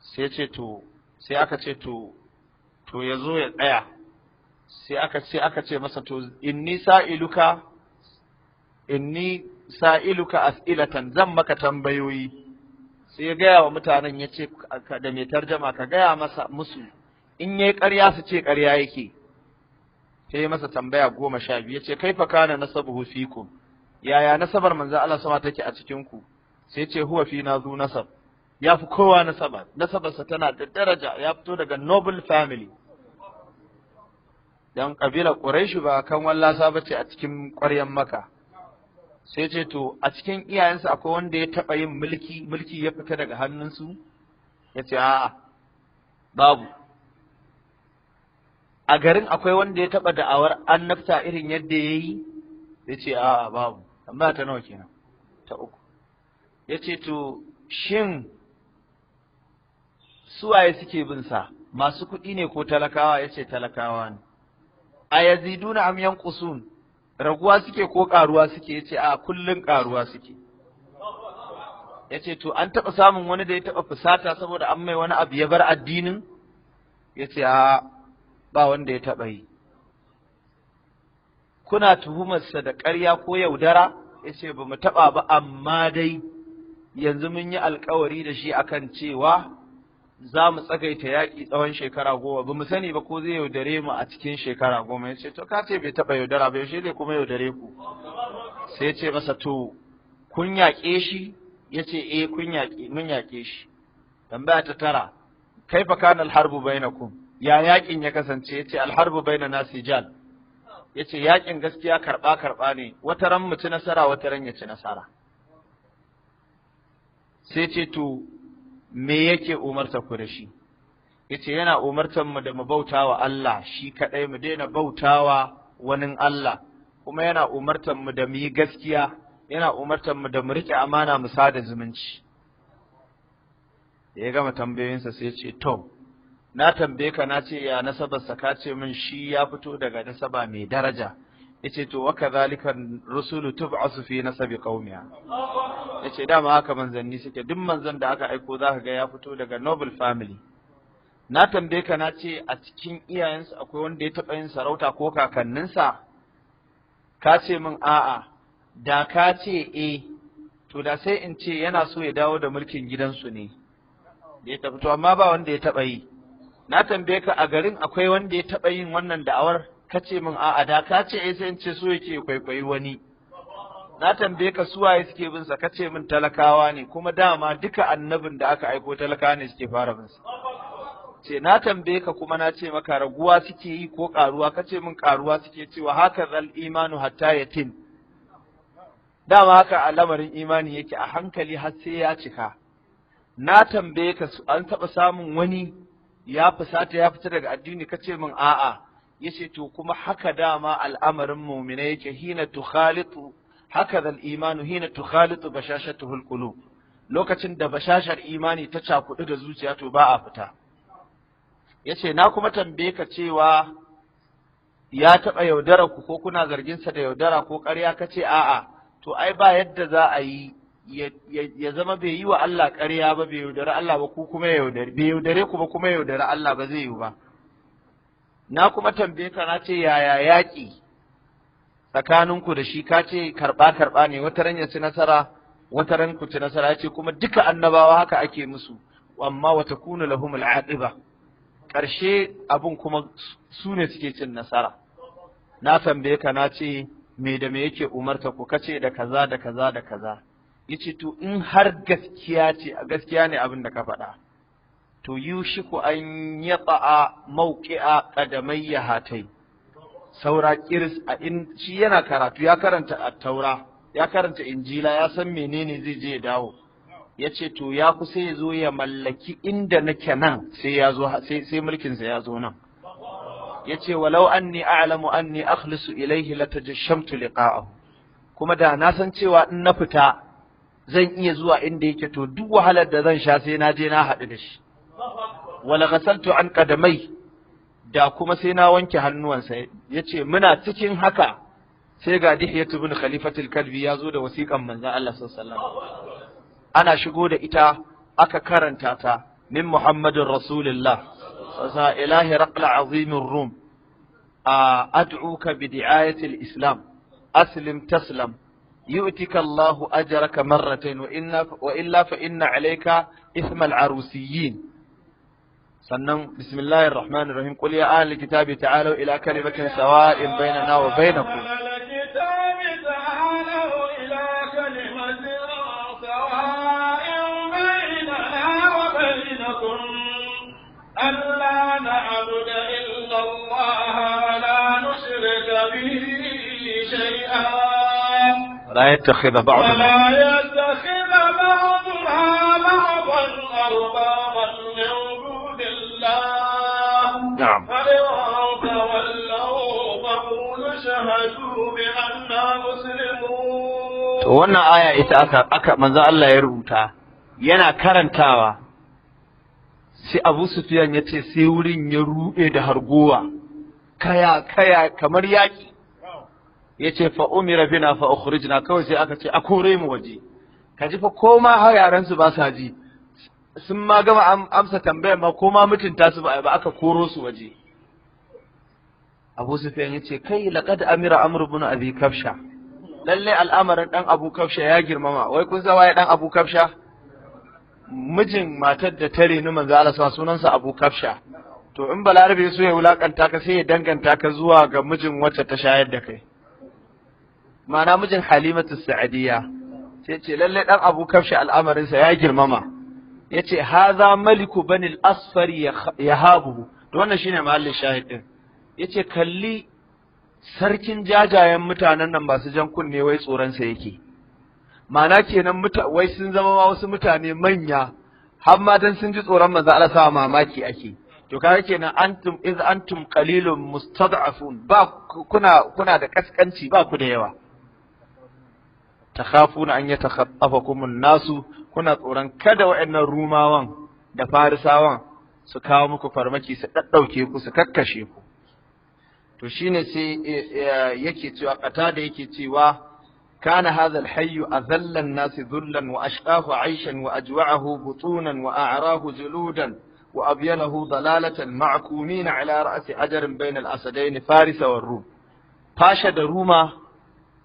sai ya ce to sai aka ce to to ya zo ya tsaya sai aka ce aka ce masa to inni sa'iluka inni sa'iluka as'ilatan zan maka tambayoyi sai ya gaya wa mutanen ya ce da mai tarjama ka gaya masa musu in yi ƙarya su ce ƙarya yake sai yi masa tambaya goma sha biyu ya ce "Kai kaifa nasabu, hufi ku." yaya nasabar manzan Allah sama take a cikin ku sai ce huwa fi na zu nasab ya fi kowa nasaba nasabarsa tana da daraja ya fito daga noble family dan kabilar Quraish ba kan wallasa bace a cikin ƙwaryar maka sai ce to a cikin iyayensu akwai wanda ya taɓa yin mulki mulki ya fita daga hannunsu ya ce a'a babu a garin akwai wanda ya taɓa da'awar annabta irin yadda ya yi ya ce a'a babu tambaya ta nawa kenan ta uku ya ce to shin suwaye suke bin sa masu kuɗi ne ko talakawa ya ce talakawa ne a yaziduna am yanqusun raguwa suke ko karuwa suke yace a kullun karuwa suke yace to an taɓa samun wani da ya taɓa fusata saboda an mai wani abu ya bar addinin yace a ba wanda ya taba yi kuna tuhumarsa da ƙarya ko yaudara yace ba mu taba ba amma dai yanzu mun yi alkawari da shi akan cewa za mu tsagaita yaƙi tsawon shekara goma ba mu sani ba ko zai yaudare mu a cikin shekara goma ya ce to ka ce bai taɓa yaudara ba yaushe zai kuma yaudare ku sai ya ce masa to kun yaƙe shi ya ce eh kun yaƙe mun yaƙe shi tambaya ta tara kai fa kana alharbu bainakum ya yaƙin ya kasance ya ce alharbu bainana sijal ya ce yaƙin gaskiya karɓa karɓa ne wata ran mu ci nasara wata ran ya ci nasara sai ce to me yake umarta ku da shi yace yana umartar mu da mu bauta wa Allah shi kadai mu daina bautawa wani Allah kuma yana umartar mu da mu yi gaskiya yana umartar mu da mu rike amana mu sada zumunci ya gama tambayoyinsa sai ce to na tambaye ka na ce ya nasabar ka ce min shi ya fito daga nasaba mai daraja yace to wa kadhalika rusulu tub'asu fi nasabi qaumiha yace dama haka manzanni suke duk manzan da aka aiko zaka ga ya fito daga noble family na tambaye ka na ce a cikin iyayensu akwai wanda ya taɓa yin sarauta ko kakanninsa ka ce min a'a da ka ce eh to da sai in ce yana so ya dawo da mulkin gidansu ne da ya tafi to amma ba wanda ya taɓa yi na tambaye ka a garin akwai wanda ya taɓa yin wannan da'awar ka ce min a'a da ka ce ai sai in ce so yake kwaikwayi wani na tambaye ka su waye suke bin sa ka ce min talakawa ne kuma dama duka annabin da aka aiko talaka ne suke fara bin sa ce na tambaye ka kuma na ce maka raguwa suke yi ko karuwa ka ce min karuwa suke cewa haka zal imanu hatta yatin dama haka al'amarin imani yake a hankali har sai ya cika na tambaye ka an taɓa samun wani ya fusata ya fita daga addini ka ce min a'a yace to kuma haka dama al'amarin mu'mina yake hina tukhalitu haka al-imanu hina tukhalitu bashashatuhu al-qulub lokacin da bashashar imani ta cakudu da zuciya to ba a fita yace na kuma tambaye ka cewa ya taba yaudara ku ko kuna zargin sa da yaudara ko ƙarya kace a'a to ai ba yadda za a yi ya zama bai yi wa Allah ƙarya ba bai yaudari Allah ba ku kuma yaudare bai yaudare ku ba kuma yaudari Allah ba zai yi ba na kuma tambaye ka na ce yaya yaƙi tsakaninku da shi ka ce karɓa karɓa ne wata ran ya ci nasara wata ran ku ci nasara ce kuma duka annabawa haka ake musu amma wata kuna lahum al'aqiba ƙarshe abin kuma su ne suke cin nasara na tambaye ka na ce me da me yake umarta ku kace da kaza da kaza da kaza yace to in har gaskiya ce a gaskiya ne abin da ka faɗa to yushiku an yata'a mawqi'a ya hatai saura ƙiris a in shi yana karatu ya karanta a taura ya karanta injila ya san menene zai je ya dawo Ya ce to ya kusa ya zo ya mallaki inda nake nan sai ya zo sai mulkinsa ya zo nan Ya ce, walau anni a'lamu an anni akhlisu ilayhi latajashamtu liqa'ahu kuma da na san cewa in na fita zan iya zuwa inda yake to duk wahalar da zan sha sai na je na haɗu da shi wala ghasaltu an qadamai da kuma sai na wanke hannuwansa yace muna cikin haka sai ga Dihyatu bin Khalifatul Kalbi ya zo da wasiƙan manzon Allah sallallahu alaihi ana shigo da ita aka karanta ta min Muhammadin Rasulullah sa ilahi raqal azimin rum a ad'uka bi di'ayatil islam aslim taslam يؤتك الله أجرك مرتين fa وإلا فإن عليك إثم العروسيين سنن بسم الله الرحمن الرحيم قل يا اهل الكتاب تعالوا الى كلمه سواء بيننا وبينكم لا نعبد إلا الله ولا نشرك به شيئا ولا يتخذ بعضنا نعم فلو تولوا فقولوا شهدوا بأننا مسلمون to wannan aya ita aka aka manzo Allah ya rubuta yana karantawa sai Abu Sufiyan ya ce sai wurin ya rube da hargowa kaya kaya kamar yaki ya ce fa umira bina fa ukhrijna kawai sai aka ce a kore mu waje kaji fa koma har yaran su ba sa ji sun ma gama amsa tambayar ma ko ma mutunta su ba ba aka koro su waje Abu Sufyan yace kai laqad amira Amr ibn Abi Kafsha lalle al'amarin dan Abu Kafsha ya girmama wai kun sa waye dan Abu Kafsha mijin matar da tare ni manzo Allah sa sunansa Abu Kafsha to in balarabe so ya wulakanta ka sai ya danganta ka zuwa ga mijin wacce ta shayar da kai ma'ana mijin Halimatu Sa'adiyya sai ce lalle dan Abu Kafsha al'amarinsa ya girmama ya ce haza maliku banil asfari ya habu da wannan shine mahallin shahid din ya ce kalli sarkin jajayen mutanen nan masu jan kunne wai tsoronsa yake Mana kenan wai sun zama wasu mutane manya har ma dan sun ji tsoron manzo Allah sa mamaki ake to kaga kenan antum iz antum qalilun mustad'afun ba kuna kuna da kaskanci ba ku da yawa takhafuna an yatakhaffakum an-nasu kuna tsoron kada waɗannan rumawan da Farisawa su kawo muku farmaki su ɗaɗɗauke ku su kakkashe ku to shine sai e, e, yake cewa kata da yake cewa kana hadha hayyu azalla an-nas dhullan wa ashqahu aishan wa ajwa'ahu butsunan wa a'rahu zuludan wa abyanahu dalalatan ma'kumin ala ra'si ajrin bain al-asadain farisa war rum fasha da ruma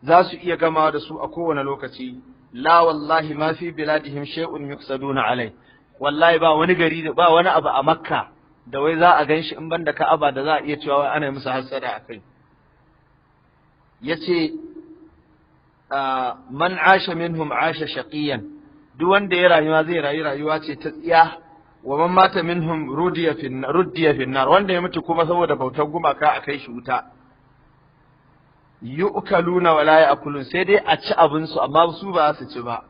za su iya gama da su a kowane lokaci la wallahi ma fi biladihim shay'un yusaduna alai wallahi ba wani gari ba wani abu a makka da wai za a ganshi in banda ka'aba da za a iya cewa wai ana musu hasada kai yace ah, man asha minhum asha shaqiyan duk wanda ya rayuwa zai rayu rayuwa ce ta tsiya wa man mata minhum rudiya fin rudiya nar wanda ya mutu kuma saboda bautar gumaka kai shi wuta yu'kaluna wa la ya'kulun sai dai a ci abin su amma su ba su ci ba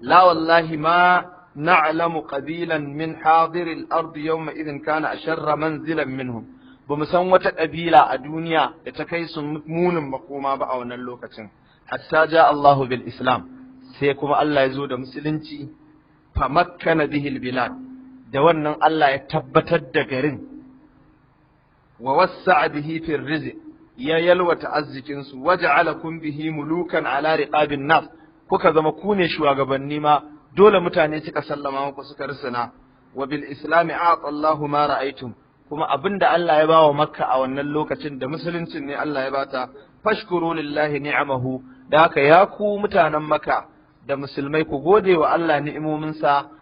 la wallahi ma na'lamu qabilan min hadir al-ard yawma idhin kana asharra manzilan minhum ba mu san wata kabila a duniya da ta kai su munin makoma ba a wannan lokacin hatta ja Allahu bil Islam sai kuma Allah ya zo da musulunci fa makkana bihi al-bilad da wannan Allah ya tabbatar da garin wa wassa'a bihi fi rizq ya yalwata arzikinsu waja'alakum bihi mulukan ala riqabin nas kuka zama ku ne shugabanni ma dole mutane suka sallama muku suka rusuna wa bil islami a'ta Allahu ma ra'aytum kuma abinda Allah ya bawa Makka a wannan lokacin da musuluncin ne Allah ya bata fashkuru lillahi ni'amahu da haka ya ku mutanen Makka da musulmai ku gode wa Allah ni'imominsa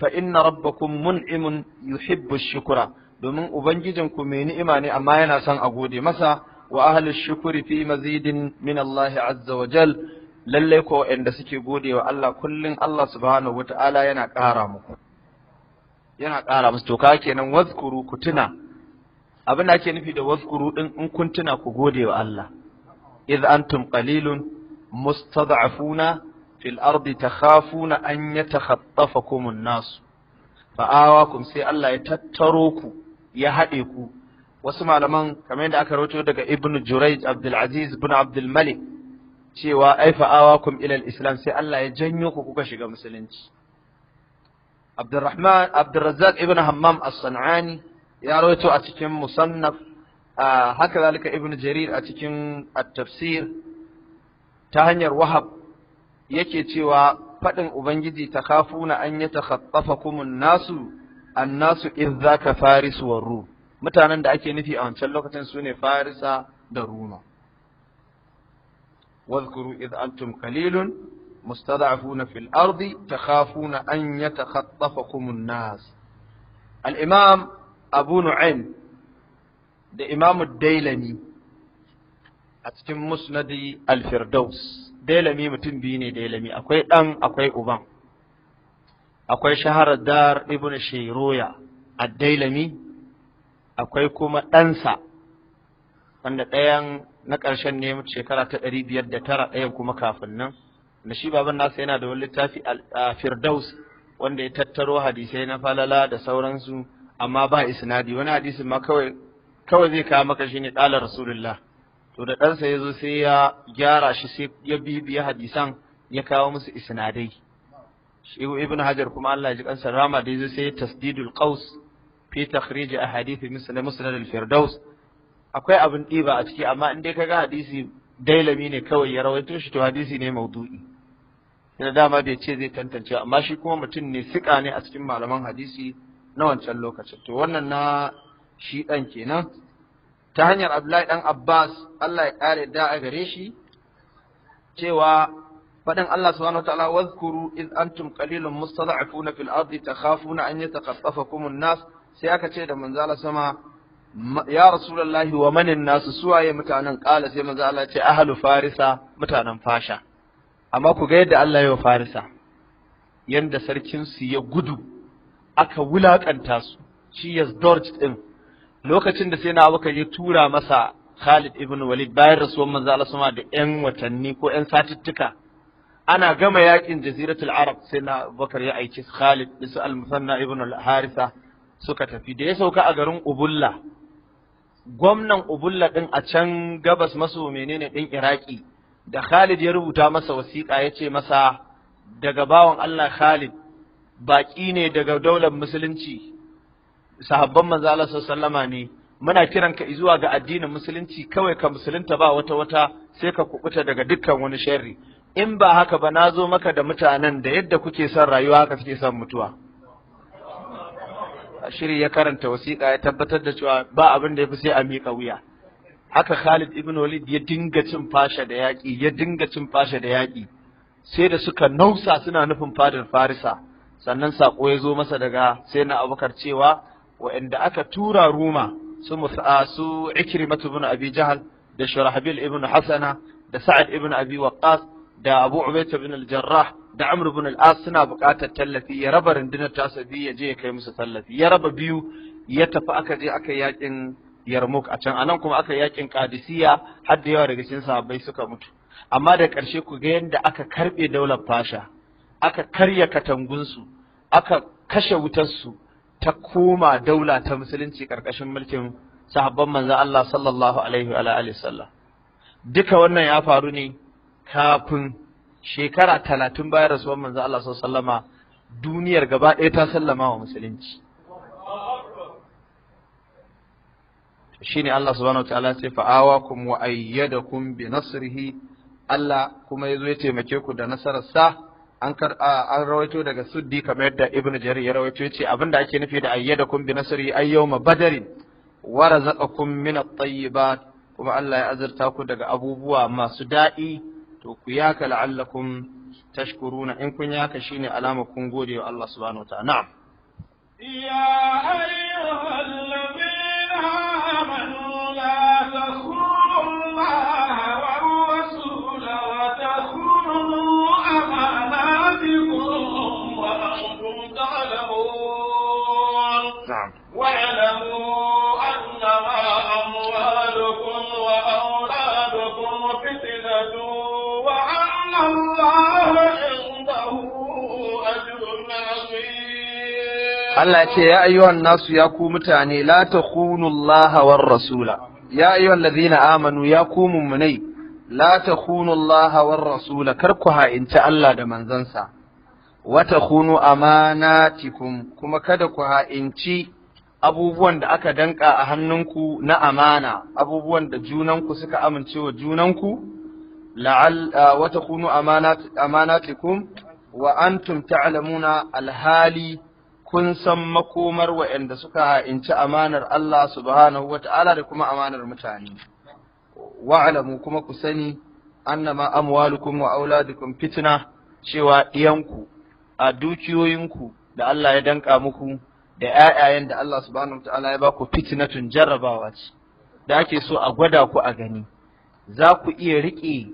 fa inna rabbakum mun'imun yuhibbu shukura domin ubangijinku mai ni'ima ne amma yana son a gode masa وأهل الشكر في مزيد من الله عز وجل lallai ko waɗanda suke gode wa Allah kullum Allah subhanahu wata'ala yana ƙara muku yana ƙara musu to ka kenan wazkuru ku tuna abin da ake nufi da wazkuru ɗin in kun tuna ku gode wa Allah idh antum qalilun mustad'afuna fil ardi takhafuna an yatakhaffafakum an-nas fa awakum sai Allah ya tattaro ku ya haɗe ku wasu malaman kamar yadda aka rawaito daga ibn Jurayj Abdul Aziz ibn Abdul Malik cewa ai fa'awakum ila al-islam sai Allah ya janyo ku kuka shiga musulunci Abdurrahman Abdurrazzaq ibn Hammam as-San'ani ya rawaito a cikin musannaf haka zalika ibn Jarir a cikin at-tafsir ta hanyar Wahab yake cewa faɗin Ubangiji ta kafuna an yi ta nasu an nasu idh zaka farisu war mutanen da ake nufi a wancan lokacin su ne farisa da ruma واذكروا إذ أنتم قليل مستضعفون في الأرض تخافون أن يتخطفكم الناس الإمام أبو نعيم ده إمام الديلمي أتكم مسند الفردوس ديلمي متن بيني ديلمي أكوي أن أكوي أبان أكوي شهر الدار ابن شيرويا الديلمي akwai kuma ɗansa wanda ɗayan na ƙarshen ne shekara ta ɗari biyar da tara ɗayan kuma kafin nan da shi baban nasa yana da wani littafi a firdaus wanda ya tattaro hadisai na falala da sauransu amma ba isnadi wani hadisin ma kawai kawai zai kawo maka shine ɗalar rasulullah to da ɗansa ya zo sai ya gyara shi sai ya bibiya hadisan ya kawo musu isnadai shi ibn hajar kuma Allah ya ji kansa rama da ya zo sai tasdidul qaus fi takhrij ahadith misal musnad al-firdaus akwai abin ɗiba a ciki amma in dai kaga hadisi dailami ne kawai ya rawaito shi to hadisi ne maudu'i da dama bai ce zai tantance amma shi kuma mutum ne sika ne a cikin malaman hadisi na wancan lokacin to wannan na shi ɗan kenan ta hanyar Abdullahi ɗan Abbas Allah ya ƙare da a gare shi cewa faɗin Allah subhanahu wataala wazkuru iz antum qalilun mustada'afuna fil ardi takhafuna an yatakaffafakum an-nas sai aka ce da manzala sama ya rasulullahi wa manin nasu suwaye mutanen ƙala sai Manzala ce ahalu farisa mutanen fasha amma ku ga yadda Allah ya farisa yanda sarkin su ya gudu aka wulakanta su shi ya din lokacin da sai na abuka ya tura masa Khalid ibn Walid bayan rasuwar Manzala sama da ƴan watanni ko ƴan satuttuka ana gama yakin jaziratul Arab sai na Abubakar ya aiki Khalid bisu al-Musanna ibn al-Harisa suka tafi da ya sauka a garin Ubulla gwamnan Ubulla ɗin a can gabas maso menene din Iraki da Khalid ya rubuta masa wasiƙa ya ce masa daga bawan Allah Khalid baƙi ne daga daular musulunci sahabban manzo Allah sallama ne muna kiranka zuwa ga addinin musulunci kawai ka musulunta ba wata wata sai ka kubuta daga dukkan wani sharri in ba haka ba na zo maka da mutanen da yadda kuke son rayuwa haka suke son mutuwa shiri ya karanta wasiƙa ya tabbatar da cewa ba abin da ya fi sai a miƙa wuya haka Khalid ibn Walid ya dinga cin fasha da yaƙi ya dinga cin fasha da yaƙi sai da suka nausa suna nufin fadar Farisa sannan saƙo ya zo masa daga sai na abokar cewa waɗanda aka tura Ruma su Musa su ikrimatu ibn Abi Jahal da Shurahbil ibn Hasana da Sa'ad ibn Abi Waqqas da Abu Ubayda ibn al-Jarrah da Amr ibn al-As suna buƙatar tallafi ya raba rundunar tasa biyu ya je ya kai musu tallafi ya raba biyu ya tafi aka je aka yakin Yarmuk a can anan kuma aka yakin Qadisiyya har da yawa daga cikin sahabbai suka mutu amma da ƙarshe ku ga yadda aka karɓe daular fasha aka karya katangunsu aka kashe wutarsu ta koma daula ta musulunci ƙarƙashin mulkin sahabban manzo Allah sallallahu alaihi wa alihi sallam duka wannan ya faru ne kafin shekara talatin bayan rasuwar manzo Allah sallama duniyar gaba ɗaya ta sallama wa musulunci shine Allah subhanahu wataala sai fa'awakum wa ayyadakum bi nasrihi Allah kuma yazo ya taimake ku da nasararsa an kar an rawaito daga Suddi kamar yadda Ibn Jarir ya rawaito yace abinda ake nufi da ayyadakum bi nasrihi ay yawma badrin wa razaqakum min at-tayyibat kuma Allah ya azurta ku daga abubuwa masu daɗi to ku yaka la'allakum tashkuruna in kun yaka shine alamar kun gode wa Allah subhanahu wa ta'ala na'am ya ayyuhal Allah ya ce ya ayyuhan nasu ya ku mutane la takhunu Allah war rasula ya ayyuhan ladina amanu ya ku mummunai la takhunu Allah war rasula kar ku ha'inci Allah da manzansa wa khunu amanatikum kuma kada ku ha'inci abubuwan da aka danka a hannunku na amana abubuwan da junanku suka amince wa junanku la'al wa khunu amanatikum wa antum ta'lamuna alhali kun san makomar wayanda suka ha'inci amanar Allah subhanahu wata'ala da kuma amanar mutane wa'alamu kuma ku sani annama amwalukum wa auladukum fitna cewa ɗiyanku a dukiyoyinku da Allah ya danka muku da ‘ya’yayen da Allah subhanahu wata'ala ya baku fitnatun jarrabawa ce da ake so a gwada ku a gani za ku iya riƙe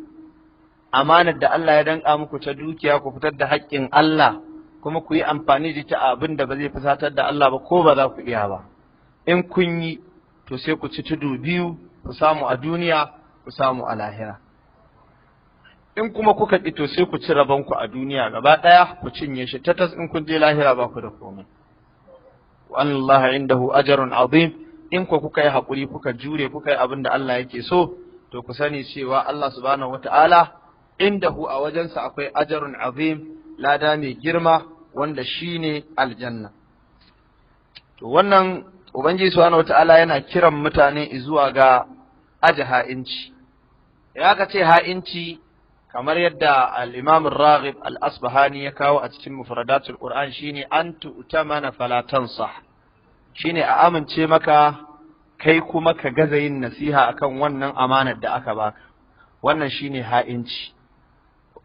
amanar da Allah ya danka muku ta dukiya ku fitar da haƙƙin Allah kuma ku yi amfani da ita abin da ba zai fusatar da Allah ba ko ba za ku iya ba in kun yi to sai ku ci tudu biyu ku samu a duniya ku samu a lahira in kuma kuka ƙi to sai ku ci rabon ku a duniya gaba ɗaya ku cinye shi tatas in kun je lahira ba ku da komai wa Allah indahu ajrun azim in ku kuka yi hakuri kuka jure kuka yi abin da Allah yake so to ku sani cewa Allah subhanahu wataala indahu a wajensa akwai ajrun azim lada mai girma wanda shine aljanna to wannan ubangiji subhanahu ta’ala yana kiran mutane zuwa ga aje ha'inci ya ka ce ha'inci kamar yadda al’imamun imam raghib al-asbahani ya kawo a cikin mufradatul qur'an shine an mana falatansa Shi ne a amince maka kai kuma ka gaza yin nasiha akan wannan amanar da aka baka wannan shine ha'inci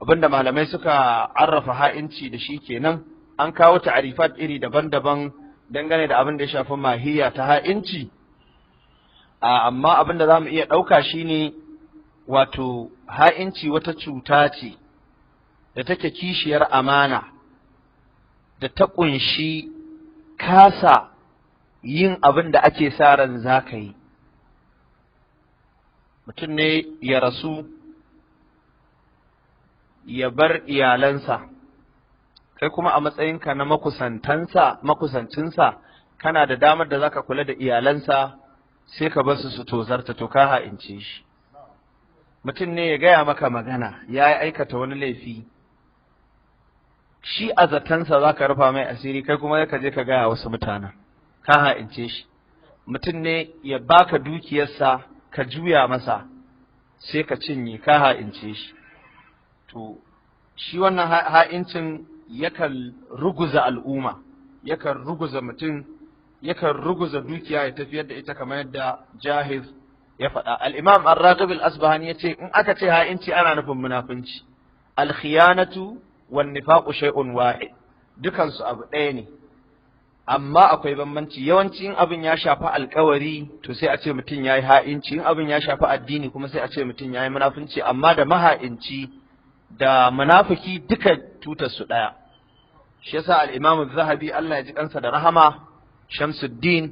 abinda malamai suka arrafa ha'inci da shi kenan an kawo ta'arifat iri daban-daban dangane da abin da ya shafi mahiya ta ha'inci amma abin da za mu iya ɗauka shine wato ha'inci wata cuta ce da take kishiyar amana da ta ƙunshi kasa yin abin da ake sa ran za ka yi mutum ne ya rasu ya bar iyalansa kai kuma a matsayinka na makusantansa makusancinsa kana da damar da zaka kula da iyalansa sai ka bar su su tozarta to ka ha'ince shi mutum ne ya gaya maka magana ya aikata wani laifi shi a zatansa za ka rufa mai asiri kai kuma ka je ka gaya wasu mutanen ka ha'ince shi mutum ne ya baka dukiyarsa ka juya masa sai ka cinye ka ha'ince shi to shi wannan ha'incin yakan ruguza al'umma yakan ruguza mutum yakan ruguza dukiya ya tafiyar da ita kamar yadda jahiz ya faɗa al-imam ar-raqib al-asbahani yace in aka ce ha'inci ana nufin munafunci al-khiyanatu wan nifaqu shay'un wahid dukan su abu ɗaya ne amma akwai bambanci yawanci in abin ya shafi alkawari to sai a ce mutum yayi ha'inci in abin ya shafi addini kuma sai a ce mutum yayi munafunci amma da maha'inci da munafiki duka tutar su ɗaya shi yasa al-Imam zahabi Allah ya ji kansa da rahama Shamsuddin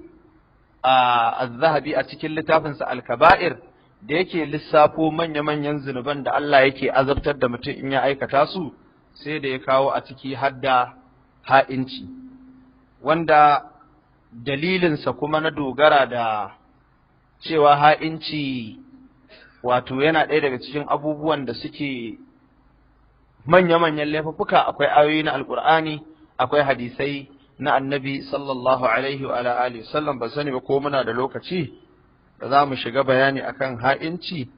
az-Zahabi a cikin littafinsa al-Kaba'ir da yake lissafo manya-manyan zunuban da Allah yake azabtar da mutum in ya aikata su sai da ya kawo a ciki hadda ha'inci wanda dalilinsa kuma na dogara da cewa ha'inci wato yana ɗaya daga cikin abubuwan da suke manya-manyan laifuka akwai ayoyi na alkur'ani akwai hadisai na annabi sallallahu alaihi wa alihi sallam ban sani ba ko muna da lokaci da za mu shiga bayani akan ha'inci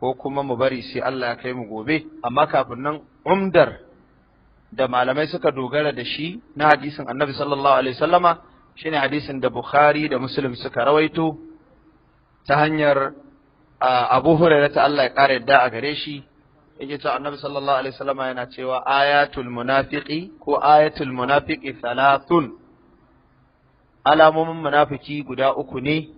ko kuma mu bari sai Allah ya kai mu gobe amma kafin nan umdar da malamai suka dogara da shi na hadisin annabi sallallahu alaihi sallama shine hadisin da Bukhari da Muslim suka rawaito ta hanyar Abu hurairata Allah ya kare yadda a gare shi yake cewa annabi sallallahu alaihi wasallam yana cewa ayatul munafiqi ko ayatul munafiqi thalathun alamomin munafiki guda uku ne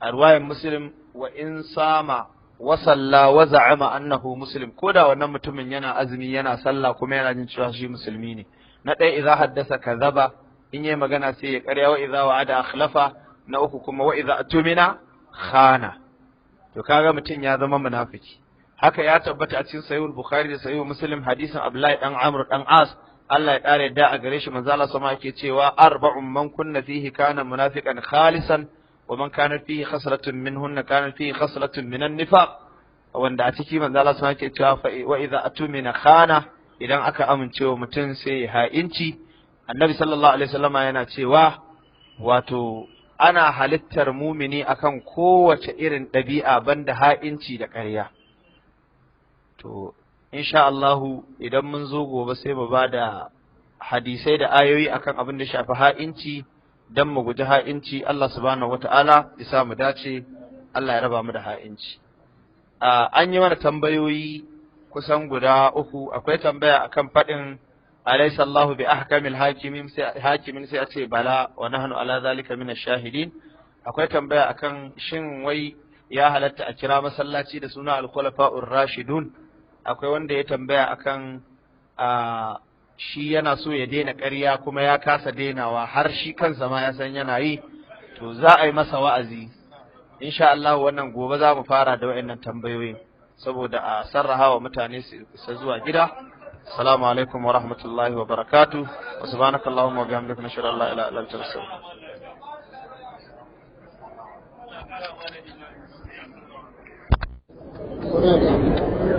a ruwayan muslim wa in sama wa salla wa za'ama annahu muslim ko da wannan mutumin yana azumi yana sallah kuma yana jin cewa shi musulmi ne na ɗaya idza haddasa kazaba in yayi magana sai ya ƙarya wa idza wa'ada akhlafa na uku kuma wa idza atumina khana to kaga mutum ya zama munafiki haka ya tabbata a cikin sahihul bukhari da sahihul muslim hadisin abdullahi dan amr dan as Allah ya kare da a gare shi manzo Allah sama yake cewa arba'un man kunna fihi kana munafiqan khalisan wa man kana fihi khaslatun minhunna kana fihi khaslatun minan nifaq wanda a ciki manzo Allah sama yake cewa fa wa idza atumina khana idan aka amince wa mutum sai ya ha'inci annabi sallallahu alaihi wasallama yana cewa wato ana halittar mumini akan kowace irin ɗabi'a banda ha'inci da ƙarya to insha Allahu idan mun zo gobe sai mu bada hadisai da ayoyi akan abin da shafi ha'inci dan mu guji ha'inci Allah subhanahu wata'ala ya sa mu dace Allah ya raba mu da ha'inci an yi mana tambayoyi kusan guda uku akwai tambaya akan faɗin alaysa Allahu bi ahkamil hakimin sai hakimin sai a ce bala wa nahnu ala zalika min ash-shahidin akwai tambaya akan shin wai ya halatta a kira masallaci da suna al-khulafa'ur rashidun akwai wanda ya tambaya akan shi yana so ya daina ƙarya kuma ya kasa dainawa har shi kansa ma ya san yana yi to za a yi masa wa'azi insha Allah wannan gobe za mu fara da wa'annan tambayoyi saboda a sarraha wa mutane su isa zuwa gida assalamu alaikum wa rahmatullahi wa barakatuh wa subhanakallahumma wa bihamdika nashhadu an la ilaha illa anta astaghfiruka